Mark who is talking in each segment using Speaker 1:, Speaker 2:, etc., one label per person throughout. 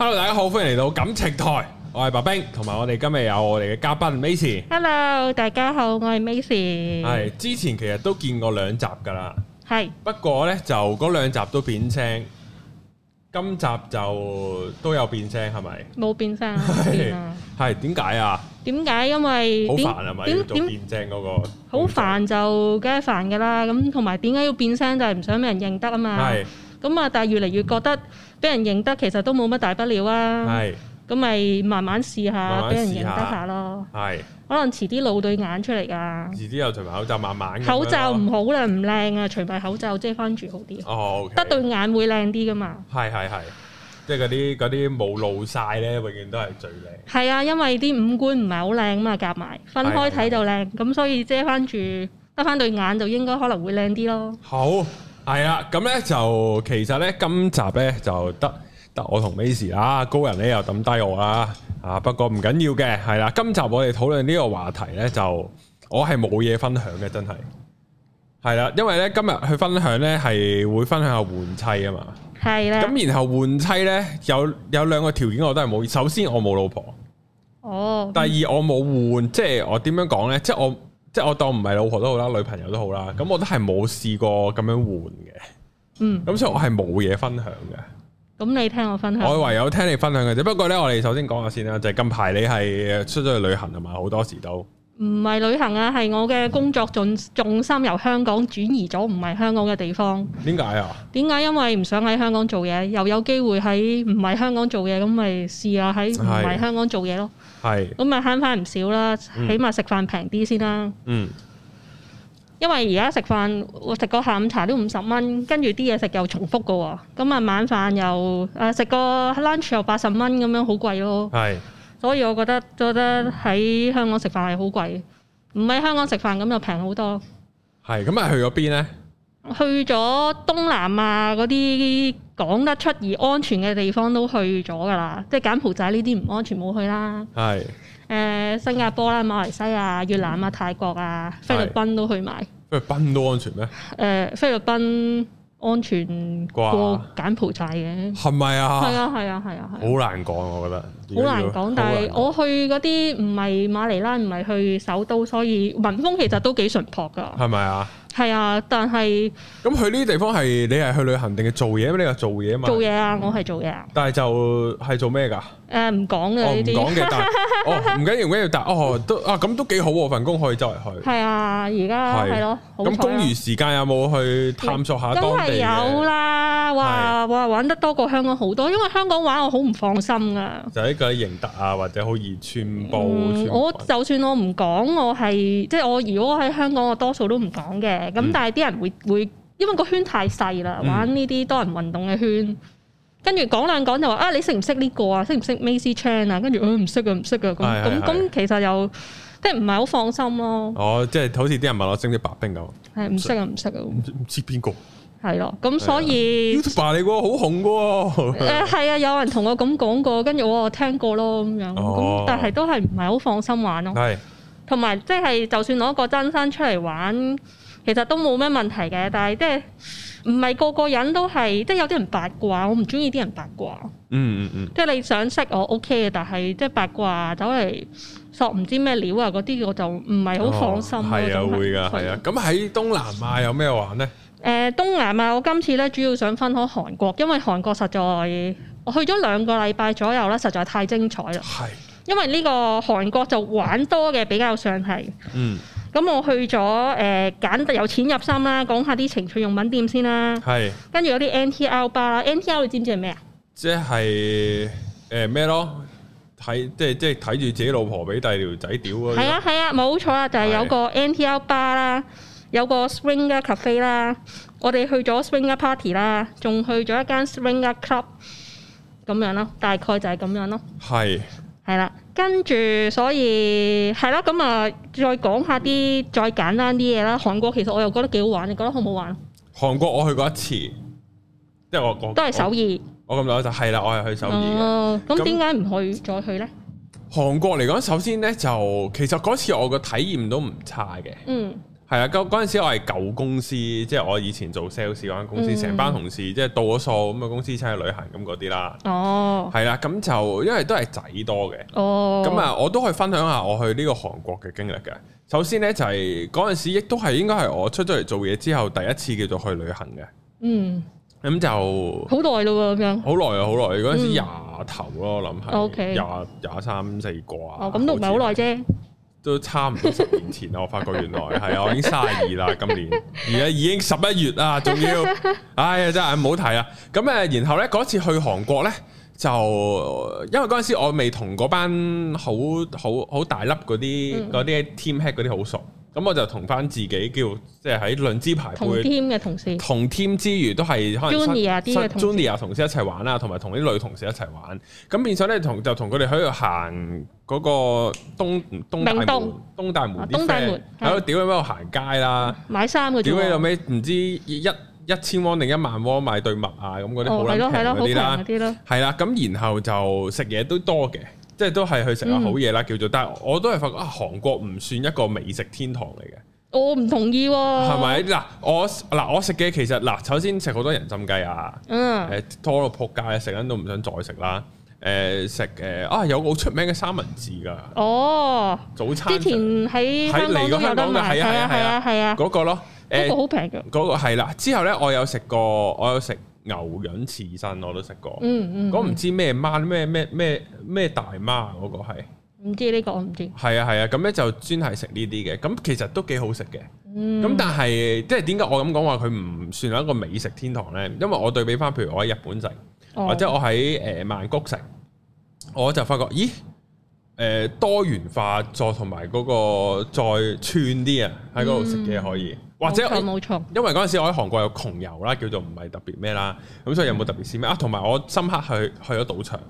Speaker 1: Hello，大家好，歡迎嚟到感情台，我係白兵，同埋我哋今日有我哋嘅嘉賓 Macy。
Speaker 2: Hello，大家好，我係 Macy。係
Speaker 1: 之前其實都見過兩集噶啦，係。不過呢就嗰兩集都變聲，今集就都有變聲係咪？
Speaker 2: 冇變聲啊變
Speaker 1: 啊？係點解啊？
Speaker 2: 點解？因為好煩啊嘛，要做
Speaker 1: 變聲嗰個。
Speaker 2: 好煩就梗係煩噶啦，咁同埋點解要變聲就係唔想俾人認得啊嘛。係。咁啊，但係越嚟越覺得。俾人認得其實都冇乜大不了啊，咁咪是慢慢試下，俾人認得下咯。係是，可能遲啲露對眼出嚟噶。遲
Speaker 1: 啲又除埋口罩，慢慢。口罩唔好
Speaker 2: 啦，唔靚啊，除埋口罩遮翻住好啲。哦、okay、得對眼會靚啲噶嘛？
Speaker 1: 係係係，即係嗰啲啲冇露晒咧，永遠都係最靚。
Speaker 2: 係啊，因為啲五官唔係好靚啊嘛，夾埋分開睇就靚，咁的所以遮翻住得翻對眼就應該可能會靚啲咯。
Speaker 1: 好。係啦，咁咧就其實咧今集咧就得得我同 Macy 啦，高人咧又抌低我啦。啊不過唔緊要嘅，係啦，今集我哋討論呢個話題咧就我係冇嘢分享嘅，真係係啦，因為咧今日去分享咧係會分享下換妻啊嘛，
Speaker 2: 係啦了，咁然
Speaker 1: 後換妻咧有有兩個條件我都係冇，首先我冇老婆，
Speaker 2: 哦，oh. 第二
Speaker 1: 我冇換，即係我點樣講咧，即係我。即係我當唔係老婆都好啦，女朋友都好啦，咁我都係冇試過咁樣換嘅，嗯，
Speaker 2: 咁所以我
Speaker 1: 係冇嘢分享嘅。
Speaker 2: 咁你聽我分享，我唯
Speaker 1: 有聽你分享嘅啫。不過咧，我哋首先講下先啦，就係近排你係出咗去旅行同埋，好多時都
Speaker 2: 唔係旅行啊，係我嘅工作重心由香港轉移咗，唔係香港嘅地方。
Speaker 1: 點解啊？
Speaker 2: 點解？因為唔想喺香港做嘢，又有機會喺唔係香港做嘢，咁咪試下喺唔係香港做嘢咯。係，咁啊慳翻唔少啦，起碼食飯平啲先啦。嗯，因為而家食飯，我食個下午茶都五十蚊，跟住啲嘢食又重複嘅喎，咁、嗯、啊晚飯又、呃、餐又誒食個 lunch 又八十蚊，咁樣好貴咯。係是，所以我覺得覺得喺香港食飯係好貴，唔喺香港食飯咁就平好多。
Speaker 1: 係，咁啊去咗邊咧？
Speaker 2: 去咗東南亞嗰啲講得出而安全嘅地方都去咗噶啦，即係柬埔寨呢啲唔安全冇去啦。係誒是、呃、新加坡啦、馬來西亞、越南啊、嗯、泰國啊、菲律賓都去埋。
Speaker 1: 菲律賓都安全咩？
Speaker 2: 誒、呃、菲律賓安全過柬埔寨嘅係咪啊？係啊係啊係啊係。好、啊
Speaker 1: 啊、難講，我覺得。好難講，難但係我
Speaker 2: 去嗰啲唔係馬尼拉，唔係去首都，所以民風其實都幾淳樸噶。係咪啊？係啊，但係
Speaker 1: 咁去呢啲地方係你係去旅行定係做嘢？咁你係做嘢啊嘛？做
Speaker 2: 嘢啊，我係做嘢。
Speaker 1: 但係就係做咩噶？
Speaker 2: 誒，唔講嘅呢啲。唔講嘅，但
Speaker 1: 哦唔緊要，唔緊要，但哦都啊咁都幾好喎，份工可以周圍去。
Speaker 2: 係啊，而家係咯。咁工餘
Speaker 1: 時間有冇去探索下？都係有啦，
Speaker 2: 哇哇玩得多過香港好多，因為香港玩我好唔放心㗎。就
Speaker 1: 喺個盈達啊，或者好易穿煲。我
Speaker 2: 就算我唔講，我係即係我如果喺香港，我多數都唔講嘅。咁但係啲人會會，因為個圈太細啦，玩呢啲多人運動嘅圈，跟住講兩講就話啊，你識唔識呢個啊，識唔識 Macy Chan 啊？跟住佢唔識啊，唔識啊。咁咁咁，其實又即係唔係好放心咯。
Speaker 1: 哦，即係好似啲人問我識唔識白冰咁，
Speaker 2: 係唔識啊，唔識啊，唔唔知邊個。係咯，咁所以 YouTuber
Speaker 1: 嚟個，好紅嘅。誒，係
Speaker 2: 啊，有人同我咁講過，跟住我聽過咯，咁樣。咁但係都係唔係好放心玩咯。係。同埋即係，就算攞個真身出嚟玩。其實都冇咩問題嘅，但係即係唔係個個人都係，即係有啲人八卦，我唔中意啲人八卦。嗯嗯嗯。嗯，即係你想識我 OK 嘅，但係即係八卦走嚟索唔知咩料啊，嗰啲，我就唔係好放心咯。係、哦、啊，會噶，係啊。
Speaker 1: 咁喺、啊、東南亞有咩玩呢？誒
Speaker 2: 呃，東南亞我今次咧主要想分享韓國，因為韓國實在我去咗兩個禮拜左右咧，實在太精彩啦。係是。因為呢、這個韓國就玩多嘅比較上係嗯。咁我去咗誒，揀、呃、得有錢入心啦，講下啲情趣用品店先啦。係是。跟住有啲 NTR Bar，NTR 你知唔知係咩啊？
Speaker 1: 即係誒咩咯？睇即即睇住自己老婆俾第二條仔屌啊。啲。係啊
Speaker 2: 係啊，冇錯啊，就係、是、有個 NTR Bar 啦，有個 Swinger Cafe 啦，我哋去咗 Swinger Party 啦，仲去咗一間 Swinger Club，咁樣咯，大概就係咁樣咯。係。係啦，跟住所以係啦，咁啊再講下啲再簡單啲嘢啦。韓國其實我又覺得幾好玩，你覺得好唔好玩？
Speaker 1: 韓國我去過一次，即係我講都係首爾。我咁講就係啦，我係去首爾
Speaker 2: 嘅。咁點解唔去、嗯、再去呢？
Speaker 1: 韓國嚟講，首先呢，就其實嗰次我個體驗都唔差嘅。嗯。係啊，咁嗰陣時我係舊公司，即係我以前做 sales 嗰間公司，成班同事即係到咗數咁啊，公司出去旅行咁嗰啲啦。哦，係啦，咁就因為都係仔多嘅。哦，咁啊，我都去分享下我去呢個韓國嘅經歷嘅。首先咧就係嗰陣時，亦都係應該係我出咗嚟做嘢之後第一次叫做去旅行嘅。嗯，咁就
Speaker 2: 好耐咯喎，咁樣。
Speaker 1: 好耐啊，好耐！嗰陣時廿頭咯，我諗係。O K。廿廿三四個啊。
Speaker 2: 哦，咁都唔係好耐啫。
Speaker 1: 都差唔多十年前啦，我發覺原來係啊，我已經卅二啦，今年而家已經十一月啦，仲要，哎呀真係唔好睇啊！咁誒，然後咧嗰次去韓國咧。就因為嗰陣時我未同嗰班好好好大粒嗰啲嗰啲 team head 嗰啲好熟，咁我就同翻自己叫即係喺論資排輩同 team 嘅同事，同 team 之餘都係可能 junior 啊啲 junior 同事一齊玩啦，同埋同啲女同事一齊玩。咁，變相咧同就同佢哋喺度行嗰個東東東大門東大門喺度屌喺度行街啦，
Speaker 2: 買衫啲。屌。後尾
Speaker 1: 唔知一。一千蚊定一萬蚊買 Tot em 對襪啊！咁嗰啲好撚平嗰啲啦，係啦。咁然後就食嘢都多嘅，即係都係去食下好嘢啦，叫做。但係我都係發覺啊，韓國唔算一個美食天堂嚟嘅、
Speaker 2: 哦。我唔同意喎、哦。係咪
Speaker 1: 嗱？我嗱我食嘅其實嗱，首先食好多人蔘雞、嗯、
Speaker 3: Thanks,
Speaker 2: 啊，誒
Speaker 1: 拖到撲街食緊都唔想再食啦。誒食誒啊有個好出名嘅三文治㗎。哦，早餐之
Speaker 2: 前喺喺嚟過香港嘅係、哦、啊係啊係啊嗰、啊啊啊、個
Speaker 1: 咯。嗰個好平嘅，嗰、欸那個係啦。之後咧，我有食過，我有食牛膶刺身，我都食過。嗯嗯，嗰、嗯、唔知咩媽，咩咩咩咩大媽嗰個係，
Speaker 2: 唔知呢個我唔知。係啊
Speaker 1: 係啊，咁、那、咧、個這個啊啊、就專係食呢啲嘅。咁其實都幾好食嘅。
Speaker 2: 嗯。咁但
Speaker 1: 係，即係點解我咁講話佢唔算係一個美食天堂咧？因為我對比翻，譬如我喺日本食，
Speaker 3: 或者我
Speaker 1: 喺誒、呃、曼谷食，我就發覺，咦？誒、呃、多元化咗，同埋嗰個再串啲啊，喺嗰度食嘢可以。嗯或者我，冇錯，因為嗰陣時我喺韓國有窮遊啦，叫做唔係特別咩啦，咁所以有冇特別事咩啊？同埋我深刻去去咗賭場，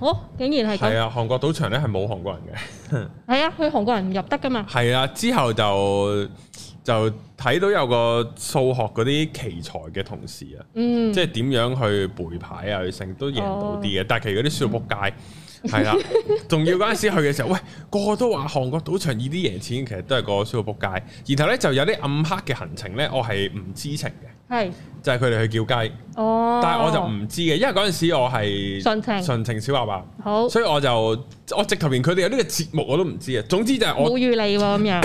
Speaker 2: 哦，竟然係係啊！
Speaker 1: 韓國賭場咧係冇韓國人嘅，
Speaker 2: 係 啊，去韓國人唔入得㗎嘛？
Speaker 1: 係啊，之後就就睇到有個數學嗰啲奇才嘅同事啊，嗯，即係點樣去背牌啊，去成都贏到啲嘅，哦、但係其實嗰啲笑仆街。嗯。係啦，仲要嗰陣時去嘅時候，喂，個個都話韓國賭場依啲贏錢，其實都係個個輸到仆街。然後咧就有啲暗黑嘅行程咧，我係唔知情嘅。
Speaker 3: 係
Speaker 1: 是就係佢哋去叫雞。哦，
Speaker 3: 但係我就唔
Speaker 1: 知嘅，因為嗰陣時我係純
Speaker 3: 情
Speaker 2: 純
Speaker 1: 情小白白。好，所以我就我直頭連佢哋有呢個節目我都唔知啊。總之就係我冇
Speaker 2: 預你咁樣，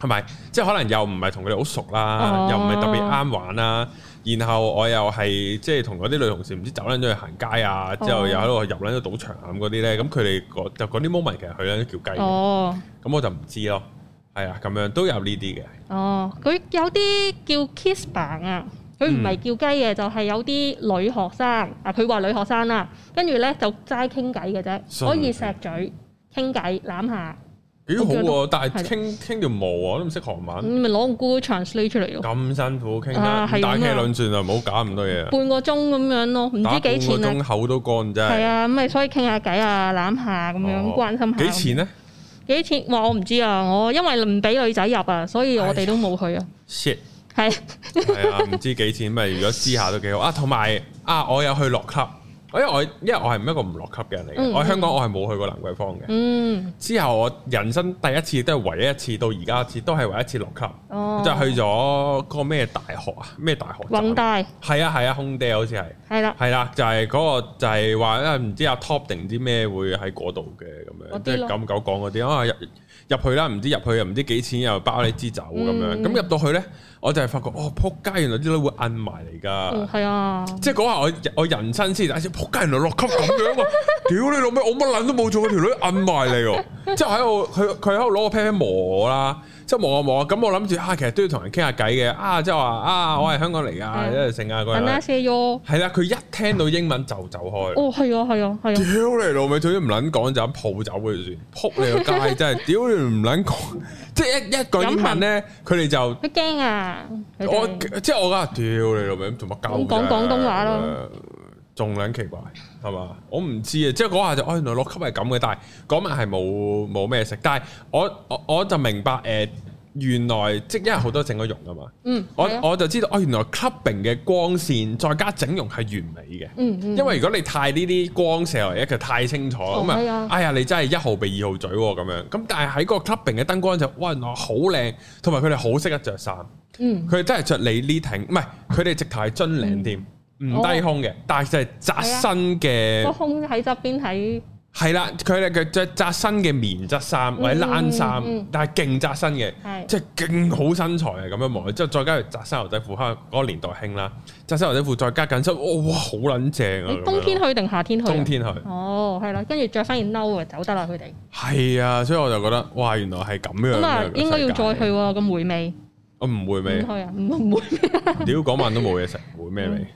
Speaker 1: 係 咪？ 即係可能又唔係同佢哋好熟啦，哦、又唔係特別啱玩啦。然後我又係即係同嗰啲女同事唔知走撚咗去行街啊，之後又喺度入撚咗賭場咁嗰啲咧，咁佢哋講就講啲 moment，其實佢都叫雞
Speaker 2: 嘅。哦，
Speaker 1: 咁我就唔知咯，係啊，咁樣都有呢啲嘅。
Speaker 2: 哦，佢有啲叫 kiss bang 啊，佢唔係叫雞嘅，就係有啲女學生啊，佢話女學生啦，跟住咧就齋傾偈嘅啫，可以錫嘴傾偈攬下。幾好喎，但係傾
Speaker 1: 傾條毛啊，都唔識韓文，
Speaker 2: 你咪攞個 Google Translate 出嚟咯。咁
Speaker 1: 辛苦傾下打茄輪啊，唔好搞咁多嘢。半
Speaker 2: 個鐘咁樣咯，唔知幾錢啊？半個鐘
Speaker 1: 口都乾真係。係啊，咁
Speaker 2: 咪所以傾下偈啊，攬下咁樣關心下。幾錢咧？幾錢？我唔知啊，我因為唔俾女仔入啊，所以我哋都冇去啊。Shit，係
Speaker 1: 係啊，唔知幾錢咪？如果私下都幾好啊。同埋啊，我有去落 club。因為我因為我係唔一個唔落級嘅人嚟，嗯、我喺香港我係冇去過蘭桂坊嘅。
Speaker 3: 嗯、
Speaker 1: 之後我人生第一次都係唯一一次到而家，一次都係唯一一次落級，哦、就去咗嗰個咩大學啊？咩大學？弘大，大。係啊係啊空爹好似係。係啦係啦，就係、是、嗰個就係話咧，唔知阿、啊、Top 定啲咩會喺嗰度嘅
Speaker 2: 咁樣，即係咁
Speaker 1: 久講嗰啲啊。入去啦，唔知入去又唔知幾錢又包你支酒咁、嗯、樣，咁入到去咧，我就係發覺，哦，撲街，原來啲女會摁埋嚟噶，
Speaker 3: 係、嗯、
Speaker 1: 啊，即係嗰下我我人生先，第一次撲街原來落級咁樣喎、啊， 屌你老味，我乜撚都冇做，個條 女摁埋嚟喎，即係喺度佢佢喺度攞個 pair 磨啦。即望冇啊冇啊，咁我諗住啊，其實都要同人傾下偈嘅啊，即係話啊，我係香港嚟㗎，一路成啊，佢
Speaker 2: 係啦，
Speaker 1: 係啦，佢一聽到英文就走開。哦，係啊，
Speaker 2: 係啊，係啊。 屌
Speaker 1: 你老味，總之唔撚講就咁抱走佢算，撲你個街真係，屌你唔撚講，即係一一句英文咧，佢哋就
Speaker 2: 佢驚啊。我
Speaker 1: 即係我講屌你老味，同做乜鳩啊？講廣東話咯，仲撚奇怪。係嘛？我唔知啊，即係嗰下就哦，原來六級係咁嘅，但係嗰晚係冇冇咩食。但係我我就明白誒，原來即係因為好多整過容啊嘛。
Speaker 3: 嗯，我我
Speaker 1: 就知道哦，原來 clubbing 嘅光線再加整容係完美嘅。嗯
Speaker 3: 嗯，因為如果
Speaker 1: 你太呢啲光射落嚟，佢就太清楚咁啊。哎呀，你真係一號鼻二號嘴咁樣。咁但係喺個 clubbing 嘅燈光就哇，原來好靚，同埋佢哋好識得着衫。嗯，佢哋真係着你呢挺，唔係佢哋直頭係樽領添。唔低胸嘅，但係就係紮身嘅。個胸
Speaker 2: 喺側邊睇，
Speaker 1: 係啦，佢哋着紮身嘅棉質衫或者冷衫，但係勁紮身嘅，即係勁好身材啊！咁樣望，之後再加紮身牛仔褲，可能嗰個年代興啦，紮身牛仔褲再加緊身，哇，好撚正啊！冬天
Speaker 2: 去定夏天去？冬天去。哦，係啦，跟住着翻件褸就走得啦，佢哋。
Speaker 1: 係啊，所以我就覺得，哇，原來係咁樣。咁啊，應該要再去
Speaker 2: 喎，咁回味。
Speaker 1: 我唔回味。
Speaker 2: 唔去啊！唔唔回味。
Speaker 1: 屌，嗰晚都冇嘢食，回咩味？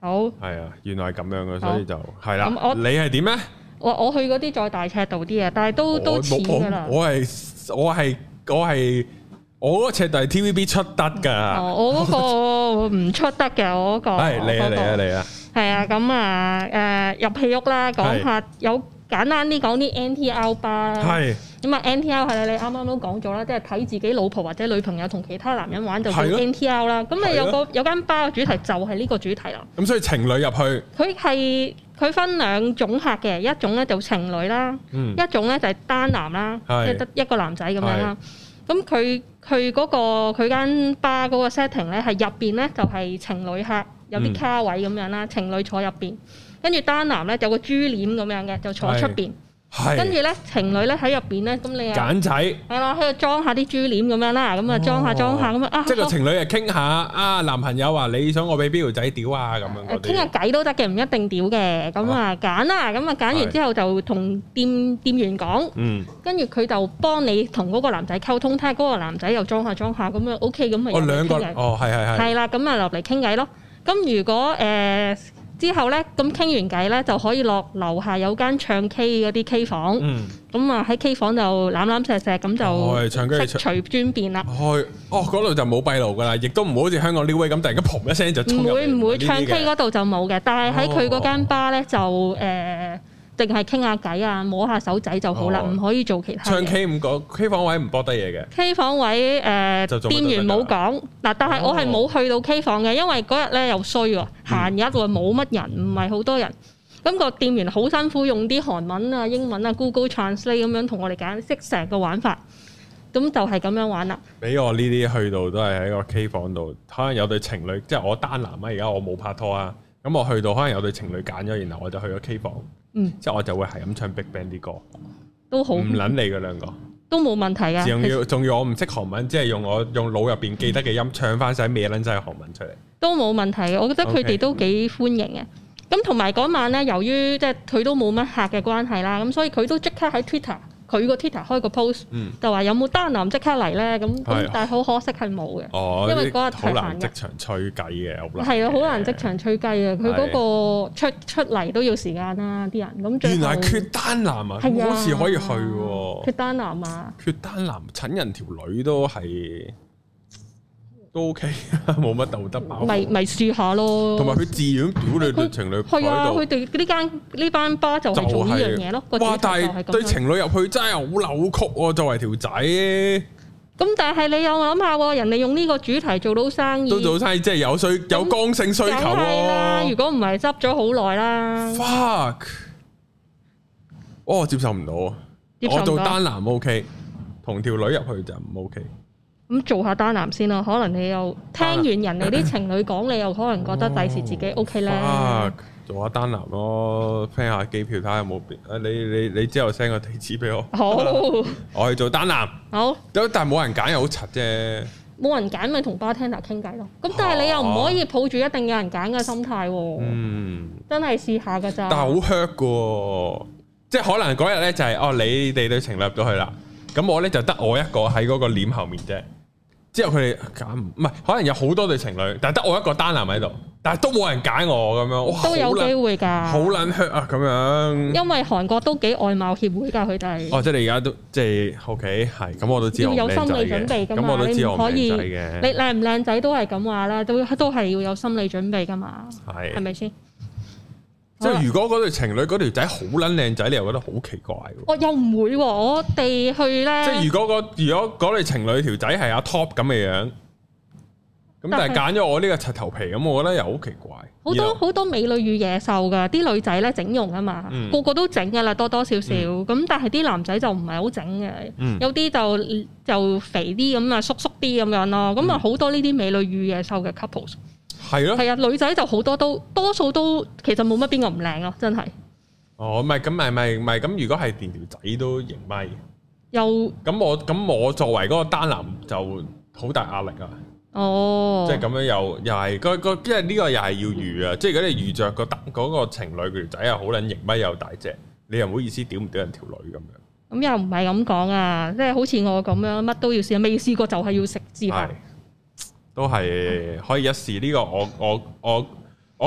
Speaker 1: 好，係啊，原來係咁樣嘅，好所以就係啦。咁我你係點咧？
Speaker 2: 我我，我去嗰啲再大尺度啲啊，但係都都似噶啦。我
Speaker 1: 係我係我係我嗰尺度係 TVB 出得噶。
Speaker 2: 哦，我嗰個唔出得嘅，我嗰個。係，嚟啊嚟啊嚟啊！係啊，咁啊誒、呃、入戲屋啦，講下有。簡單啲講啲 NTR 吧，咁啊 NTR 係你啱啱都講咗啦，即係睇自己老婆或者女朋友同其他男人玩就叫 NTR 啦。咁啊有個的有間吧嘅主題就係呢個主題啦。
Speaker 1: 咁所以情侶入去，
Speaker 2: 佢係佢分兩種客嘅，一種咧就情侶啦，嗯、一種咧就係單男啦，即係得一個男仔咁樣啦。咁佢佢嗰個佢間吧嗰個 setting 咧係入邊咧就係情侶客，有啲卡位咁樣啦，嗯、情侶坐入邊。跟住單男咧有個珠簾咁樣嘅，就坐喺出邊。跟住咧情侶咧喺入邊咧，咁你啊揀仔。係咯，喺度裝下啲珠簾咁樣啦，咁啊裝下裝下咁啊。即係個情侶
Speaker 1: 啊傾下啊，男朋友話你想我俾邊條仔屌啊咁樣。傾下
Speaker 2: 偈都得嘅，唔一定屌嘅。咁啊揀啦，咁啊揀完之後就同店店員講。跟住佢就幫你同嗰個男仔溝通，睇下嗰個男仔又裝下裝下咁樣 OK 咁咪我兩個哦，係係係。係啦，咁啊落嚟傾偈咯。咁如果誒？之後呢，咁傾完偈呢，就可以落樓下有間唱 K 嗰啲 K 房。嗯。咁啊喺 K 房就攬攬錫錫咁就尊。我
Speaker 1: 係唱 K 隨
Speaker 2: 尊便啦。
Speaker 1: 去哦，嗰度就冇閉路噶啦，亦都唔會好似香港 Neway 咁，突然間嘭一聲就。唔會唔會些唱 K 嗰
Speaker 2: 度就冇嘅，但係喺佢嗰間吧呢就誒。哦呃定係傾下偈啊，摸下手仔就好啦，唔、哦、可以做其他。唱 K
Speaker 1: 唔講，K 房位唔博得嘢嘅。K
Speaker 2: 房位誒，位呃、就店員冇講，哦、但但係我係冇去到 K 房嘅，因為嗰日咧又衰喎，閑日喎冇乜人，唔係好多人。咁、嗯、個店員好辛苦，用啲韓文啊、英文啊、Google Translate 咁樣同我哋解釋成個玩法，咁就係咁樣玩啦。
Speaker 1: 俾我呢啲去到都係喺個 K 房度，可能有對情侶，即係我單男啊，而家我冇拍拖啊。咁我去到可能有對情侶揀咗，然後我就去咗 K 房，嗯，即係我就會係咁唱 BigBang 啲、這、歌、個，
Speaker 2: 都好唔捻你嗰兩個，都冇問題啊，仲要
Speaker 1: 仲實要我唔識韓文，即係用我用腦入邊記得嘅音、嗯、唱翻晒咩捻真係韓文出嚟，
Speaker 2: 都冇問題嘅。我覺得佢哋都幾歡迎嘅。咁同埋嗰晚咧，由於即係佢都冇乜客嘅關係啦，咁所以佢都即刻喺 Twitter。佢個 Twitter 開個 post 就話、嗯、有冇單男即刻嚟咧？咁、嗯、但係好可惜係冇嘅，哦、因為嗰日好難即
Speaker 1: 場吹雞嘅，我係啊，
Speaker 2: 好難即場吹雞啊！佢嗰個出是出嚟都要時間啦、啊，啲人咁原來缺
Speaker 1: 單男啊，冇事、啊、可以去喎，缺
Speaker 2: 單男啊，
Speaker 1: 缺單男請人條女都係。都 OK，冇乜道德包袱。咪
Speaker 2: 咪試下咯。同埋佢
Speaker 1: 自然屌你對情侶。係啊，佢
Speaker 2: 哋呢間呢班吧就係做呢樣嘢咯。哇！但係對情
Speaker 1: 侶入去真係好扭曲哦、啊。作為條仔，
Speaker 2: 咁但係你有冇諗下，人哋用呢個主題做到生意，都做
Speaker 1: 生意即係有需有剛性需求、啊。係
Speaker 2: 如果唔係執咗好耐啦。
Speaker 1: Fuck！哦、oh,，接受唔到。我做單男 OK，同條女入去就唔 OK。
Speaker 2: 咁做下單男先咯，可能你又聽完人哋啲情侶講，你又可能覺得第時自己 O K 咧。
Speaker 1: 做下單男咯，聽下機票睇下有冇變。啊，你你你之後 send 個地址俾我。好，我去做單男。好。咁但係冇人揀又好柒啫，
Speaker 2: 冇人揀咪同 bartender 傾偈咯。咁但係你又唔可以抱住一定有人揀嘅心態喎。嗯，真係試下㗎咋。但
Speaker 1: 係好 hurt 㗎，即係可能嗰日咧就係哦，你哋對情侶入咗去啦，咁我咧就得我一個喺嗰個簾後面啫。之後佢哋唔係，可能有好多對情侶，但係得我一個單男喺度，但係都冇人揀我，咁樣，都有機會
Speaker 2: 噶好撚靴
Speaker 1: 啊咁樣。因
Speaker 2: 為韓國都幾外貌協會噶佢哋，哦，
Speaker 1: 即係你而家都即係，OK 係，咁我都知有心理準備噶嘛，咁我都知道，我唔靚仔。嘅，你
Speaker 2: 靚唔靚仔都係咁話啦，都都係要有心理準備噶嘛，係，係咪先？是即係如果
Speaker 1: 嗰對情侶嗰條仔好撚靚仔，你又覺得好奇怪？
Speaker 2: 我又唔會，我哋去咧。即係
Speaker 1: 如果個如果嗰對情侶條仔係阿 Top 咁嘅樣，
Speaker 2: 咁但係揀
Speaker 1: 咗我呢個柒頭皮，咁我覺得又好奇怪。
Speaker 2: 好多好多美女與野獸噶，啲女仔咧整容啊嘛，個個都整噶啦，多多少少。咁但係啲男仔就唔係好整嘅，有啲就就肥啲咁啊，縮縮啲咁樣咯。咁啊，好多呢啲美女與野獸嘅 couple。係咯，係啊，女仔就好多都，多數都其實冇乜邊個唔靚咯，真係。
Speaker 1: 哦，唔係咁咪咪咪咁，如果係連條仔都型咪，又咁我咁我作為嗰個單男就好大壓力啊。
Speaker 2: 哦，即係
Speaker 1: 咁樣又又係嗰個，即係呢個又係要遇啊。嗯、即係如果你遇着個嗰個情侶條仔又好撚型咪又大隻，你又唔好意思屌唔屌人條女咁、嗯樣,啊
Speaker 2: 就是、樣。咁又唔係咁講啊，即係好似我咁樣乜都要試，未試過就係要食之後。
Speaker 1: 都係可以一時呢、這個我，我我我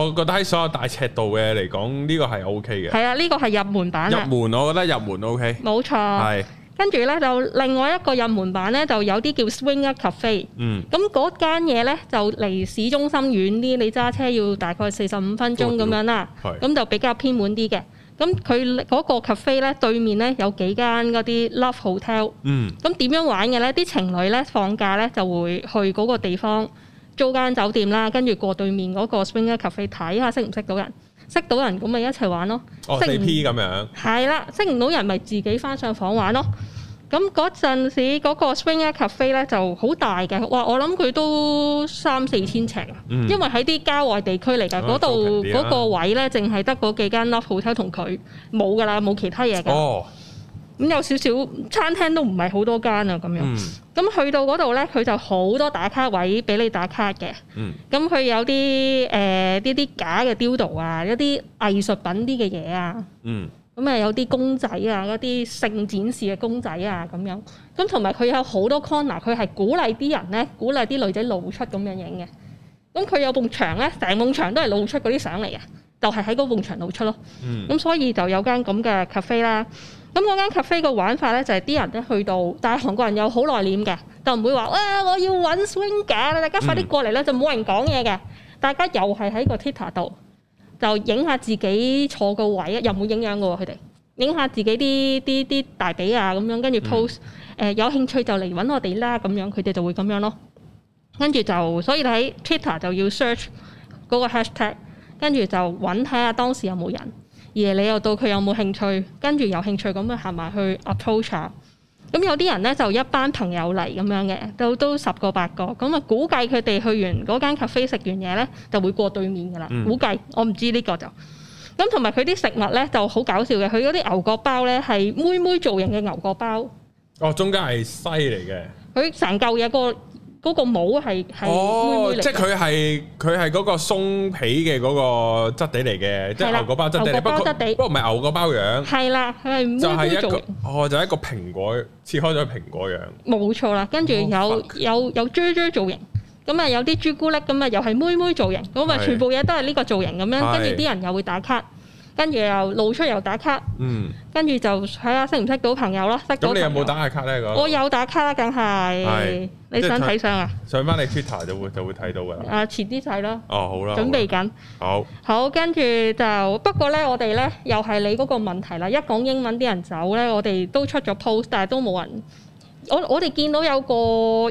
Speaker 1: 我覺得喺所有大尺度嘅嚟講，呢、這個係 O K 嘅。係啊，呢、這
Speaker 2: 個係入門版。入門，
Speaker 1: 我覺得入門 O、OK、K。冇錯。係是。
Speaker 2: 跟住咧就另外一個入門版咧，就有啲叫 Swing Up、er、Cafe。嗯。咁嗰間嘢咧就離市中心遠啲，你揸車要大概四十五分鐘咁樣啦。係。咁就比較偏遠啲嘅。咁佢嗰個 cafe 咧，對面咧有幾間嗰啲 love hotel。嗯。咁點樣玩嘅咧？啲情侶咧放假咧就會去嗰個地方租間酒店啦，跟住過對面嗰個 swinger cafe 睇下識唔識到人，識到人咁咪一齊玩咯。哦，四 P 咁樣。係啦，識唔到人咪自己翻上房玩咯。咁嗰陣時，嗰個 Swing Cafe 咧就好大嘅，哇！我諗佢都三四千尺，嗯、因為喺啲郊外地區嚟嘅，嗰度嗰個位咧，淨係得嗰幾間 loft 鋪頭同佢冇㗎啦，冇其他嘢嘅。
Speaker 3: 咁、
Speaker 2: 哦嗯、有少少餐廳都唔係好多間啊，咁樣。咁、嗯、去到嗰度咧，佢就好多打卡位俾你打卡嘅。咁佢、嗯、有啲誒，呢啲假嘅雕塑啊，一啲藝術品啲嘅嘢啊。嗯。咁啊，有啲公仔啊，嗰啲性展示嘅公仔啊咁樣，咁同埋佢有好多 corner，佢係鼓勵啲人咧，鼓勵啲女仔露出咁樣影嘅。咁佢有棟牆咧，成棟牆都係露出嗰啲相嚟嘅，就係喺嗰棟牆露出咯。咁、嗯、所以就有間咁嘅 cafe 啦。咁嗰間 cafe 個玩法咧就係啲人咧去到，但係韓國人有好內斂嘅，就唔會話啊我要揾 swing g r 大家快啲過嚟咧就冇人講嘢嘅，嗯、大家又係喺個 t i t t e r 度。就影下自己坐個位啊，又冇影響嘅佢哋。影下自己啲啲啲大髀啊咁樣，跟住 post、呃。誒有興趣就嚟揾我哋啦、啊，咁樣佢哋就會咁樣咯。跟住就所以喺 Twitter 就要 search 嗰個 hashtag，跟住就揾睇下當時有冇人，而你又到佢有冇興趣，跟住有興趣咁咪行埋去 approach。咁有啲人咧就一班朋友嚟咁樣嘅，都都十個八個，咁啊估計佢哋去完嗰間 cafe 食完嘢咧，就會過對面㗎喇，估計我唔知呢個就，咁同埋佢啲食物咧就好搞笑嘅，佢嗰啲牛角包咧係妹妹造型嘅牛角包，
Speaker 1: 哦，中間係西嚟嘅，
Speaker 2: 佢成嚿嘢個。嗰個帽係係、哦，即係佢
Speaker 1: 係佢係嗰個鬆皮嘅嗰個質地嚟嘅，的即係牛角包質地，不過不
Speaker 3: 過
Speaker 2: 唔係
Speaker 1: 牛角包樣，
Speaker 2: 係啦，係妹妹造型，哦，就
Speaker 1: 係、是、一個蘋果切開咗蘋
Speaker 3: 果樣，
Speaker 2: 冇錯啦，跟住有、oh, fuck. 有有 j j 造型，咁啊有啲朱古力咁嘛，又係妹妹造型，咁啊的全部嘢都係呢個造型咁樣，跟住啲人又會打卡。的跟住又露出又打卡，嗯，跟住就睇下、啊、識唔識到朋友啦，識到咁你有冇打
Speaker 1: 下卡咧？那個、我
Speaker 2: 有打卡啦，梗係，係你想睇相啊？
Speaker 1: 上翻你 Twitter 就會就會睇到嘅。
Speaker 2: 啊，遲啲睇啦。哦，好啦，好準備緊。好。好，跟住就不過咧，我哋咧又係你嗰個問題啦，一講英文啲人走咧，我哋都出咗 post，但係都冇人。我我哋見到有個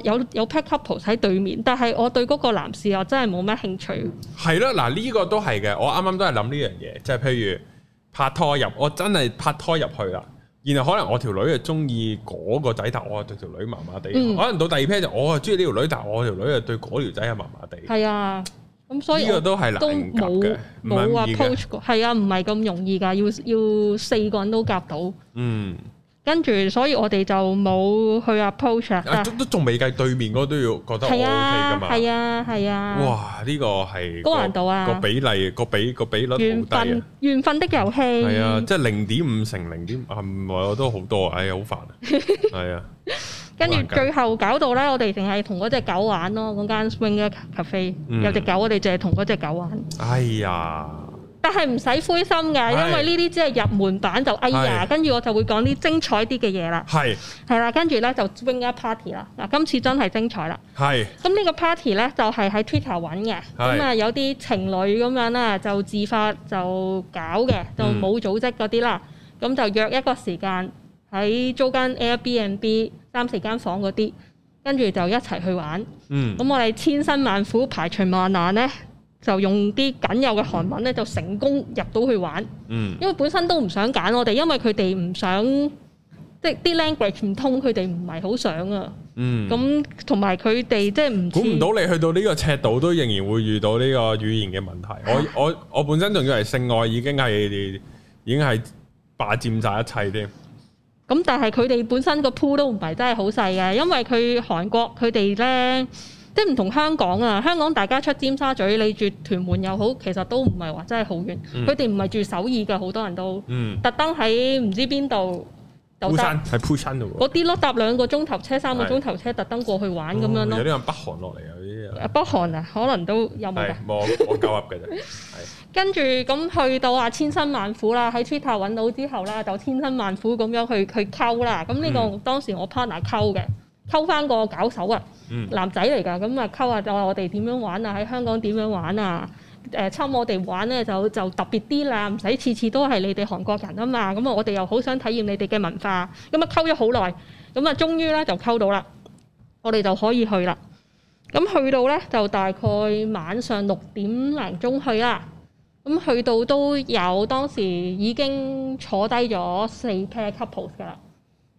Speaker 2: 有有 pet couple 喺對面，但係我對嗰個男士又真係冇咩興趣。
Speaker 1: 係咯，嗱、這、呢個都係嘅。我啱啱都係諗呢樣嘢，即係譬如拍拖入，我真係拍拖入去啦。然後可能我條女就中意嗰個仔，但我對條女麻麻地。嗯、可能到第二批，就我啊中意呢條女，但我條女又對嗰條仔係麻麻
Speaker 3: 地。
Speaker 2: 係啊，咁所以呢個都係難夾嘅，唔係話 approach 係啊，唔係咁容易㗎，要要四個人都夾到。
Speaker 3: 嗯。
Speaker 2: 跟住，所以我哋就冇去 approach 啦。啊，都
Speaker 1: 都仲未計對面嗰都要覺得 OK 㗎嘛。係啊，
Speaker 2: 係啊。哇！
Speaker 1: 呢個係高難度啊。個比例個比個比率好低啊。緣
Speaker 2: 分，緣分的遊戲。係啊，
Speaker 1: 即係零點五成零點啊，唔係我都好多啊，哎呀，好煩啊，係啊。跟住最後
Speaker 2: 搞到咧，我哋淨係同嗰隻狗玩咯，嗰間 swing 嘅 cafe 有隻狗，我哋淨係同嗰隻狗玩。
Speaker 1: 哎呀。
Speaker 2: 但係唔使灰心嘅，是因為呢啲只係入門版，就哎呀，跟住是我就會講啲精彩啲嘅嘢啦。係係啦，跟住咧就 swing 嘅 party 啦。嗱，今次真係精彩啦。係咁呢個 party 咧，就係喺 Twitter 揾嘅。咁啊有啲情侶咁樣啦，就自發就搞嘅，就冇組織嗰啲啦。咁、嗯、就約一個時間喺租間 Airbnb 三四間房嗰啲，跟住就一齊去玩。嗯，咁我哋千辛萬苦排除萬難咧。就用啲僅有嘅韓文咧，就成功入到去玩。嗯，因為本身都唔想揀我哋，因為佢哋唔想即係啲 language 唔通，佢哋唔係好想啊。嗯，咁同埋佢哋即係唔。估唔到你
Speaker 1: 去到呢個尺度，都仍然會遇到呢個語言嘅問題。 我我我本身仲以為性愛已經係已經係霸佔晒一切添。
Speaker 2: 咁但係佢哋本身個 pool 都唔係真係好細嘅，因為佢韓國佢哋咧。即係唔同香港啊！香港大家出尖沙咀，你住屯門又好，其實都唔係話真係好遠。佢哋唔係住首爾嘅，好多人都特登喺唔知邊度。喺 Pusan，
Speaker 1: 喺 Pusan 度喎。嗰
Speaker 2: 啲咯，搭兩個鐘頭車、三個鐘頭車，特登過去玩咁樣咯。有啲
Speaker 1: 係北韓落嚟啊！嗰啲啊。
Speaker 2: 北韓啊，可能都有冇。係，冇，我鳩噏嘅啫。跟住咁去到啊千辛萬苦啦，喺 Twitter 揾到之後啦，就千辛萬苦咁樣去去溝啦。咁呢個當時我 partner 溝嘅。溝翻個搞手啊！嗯、男仔嚟㗎，咁啊溝下就話我哋點樣玩啊，喺香港點樣玩啊？誒、呃，抽我哋玩咧就就特別啲啦，唔使次次都係你哋韓國人啊嘛，咁啊我哋又好想體驗你哋嘅文化，咁啊溝咗好耐，咁啊終於咧就溝到啦，我哋就可以去啦。咁去到咧就大概晚上六點零鐘去啦，咁去到都有當時已經坐低咗四 pair couples 㗎啦。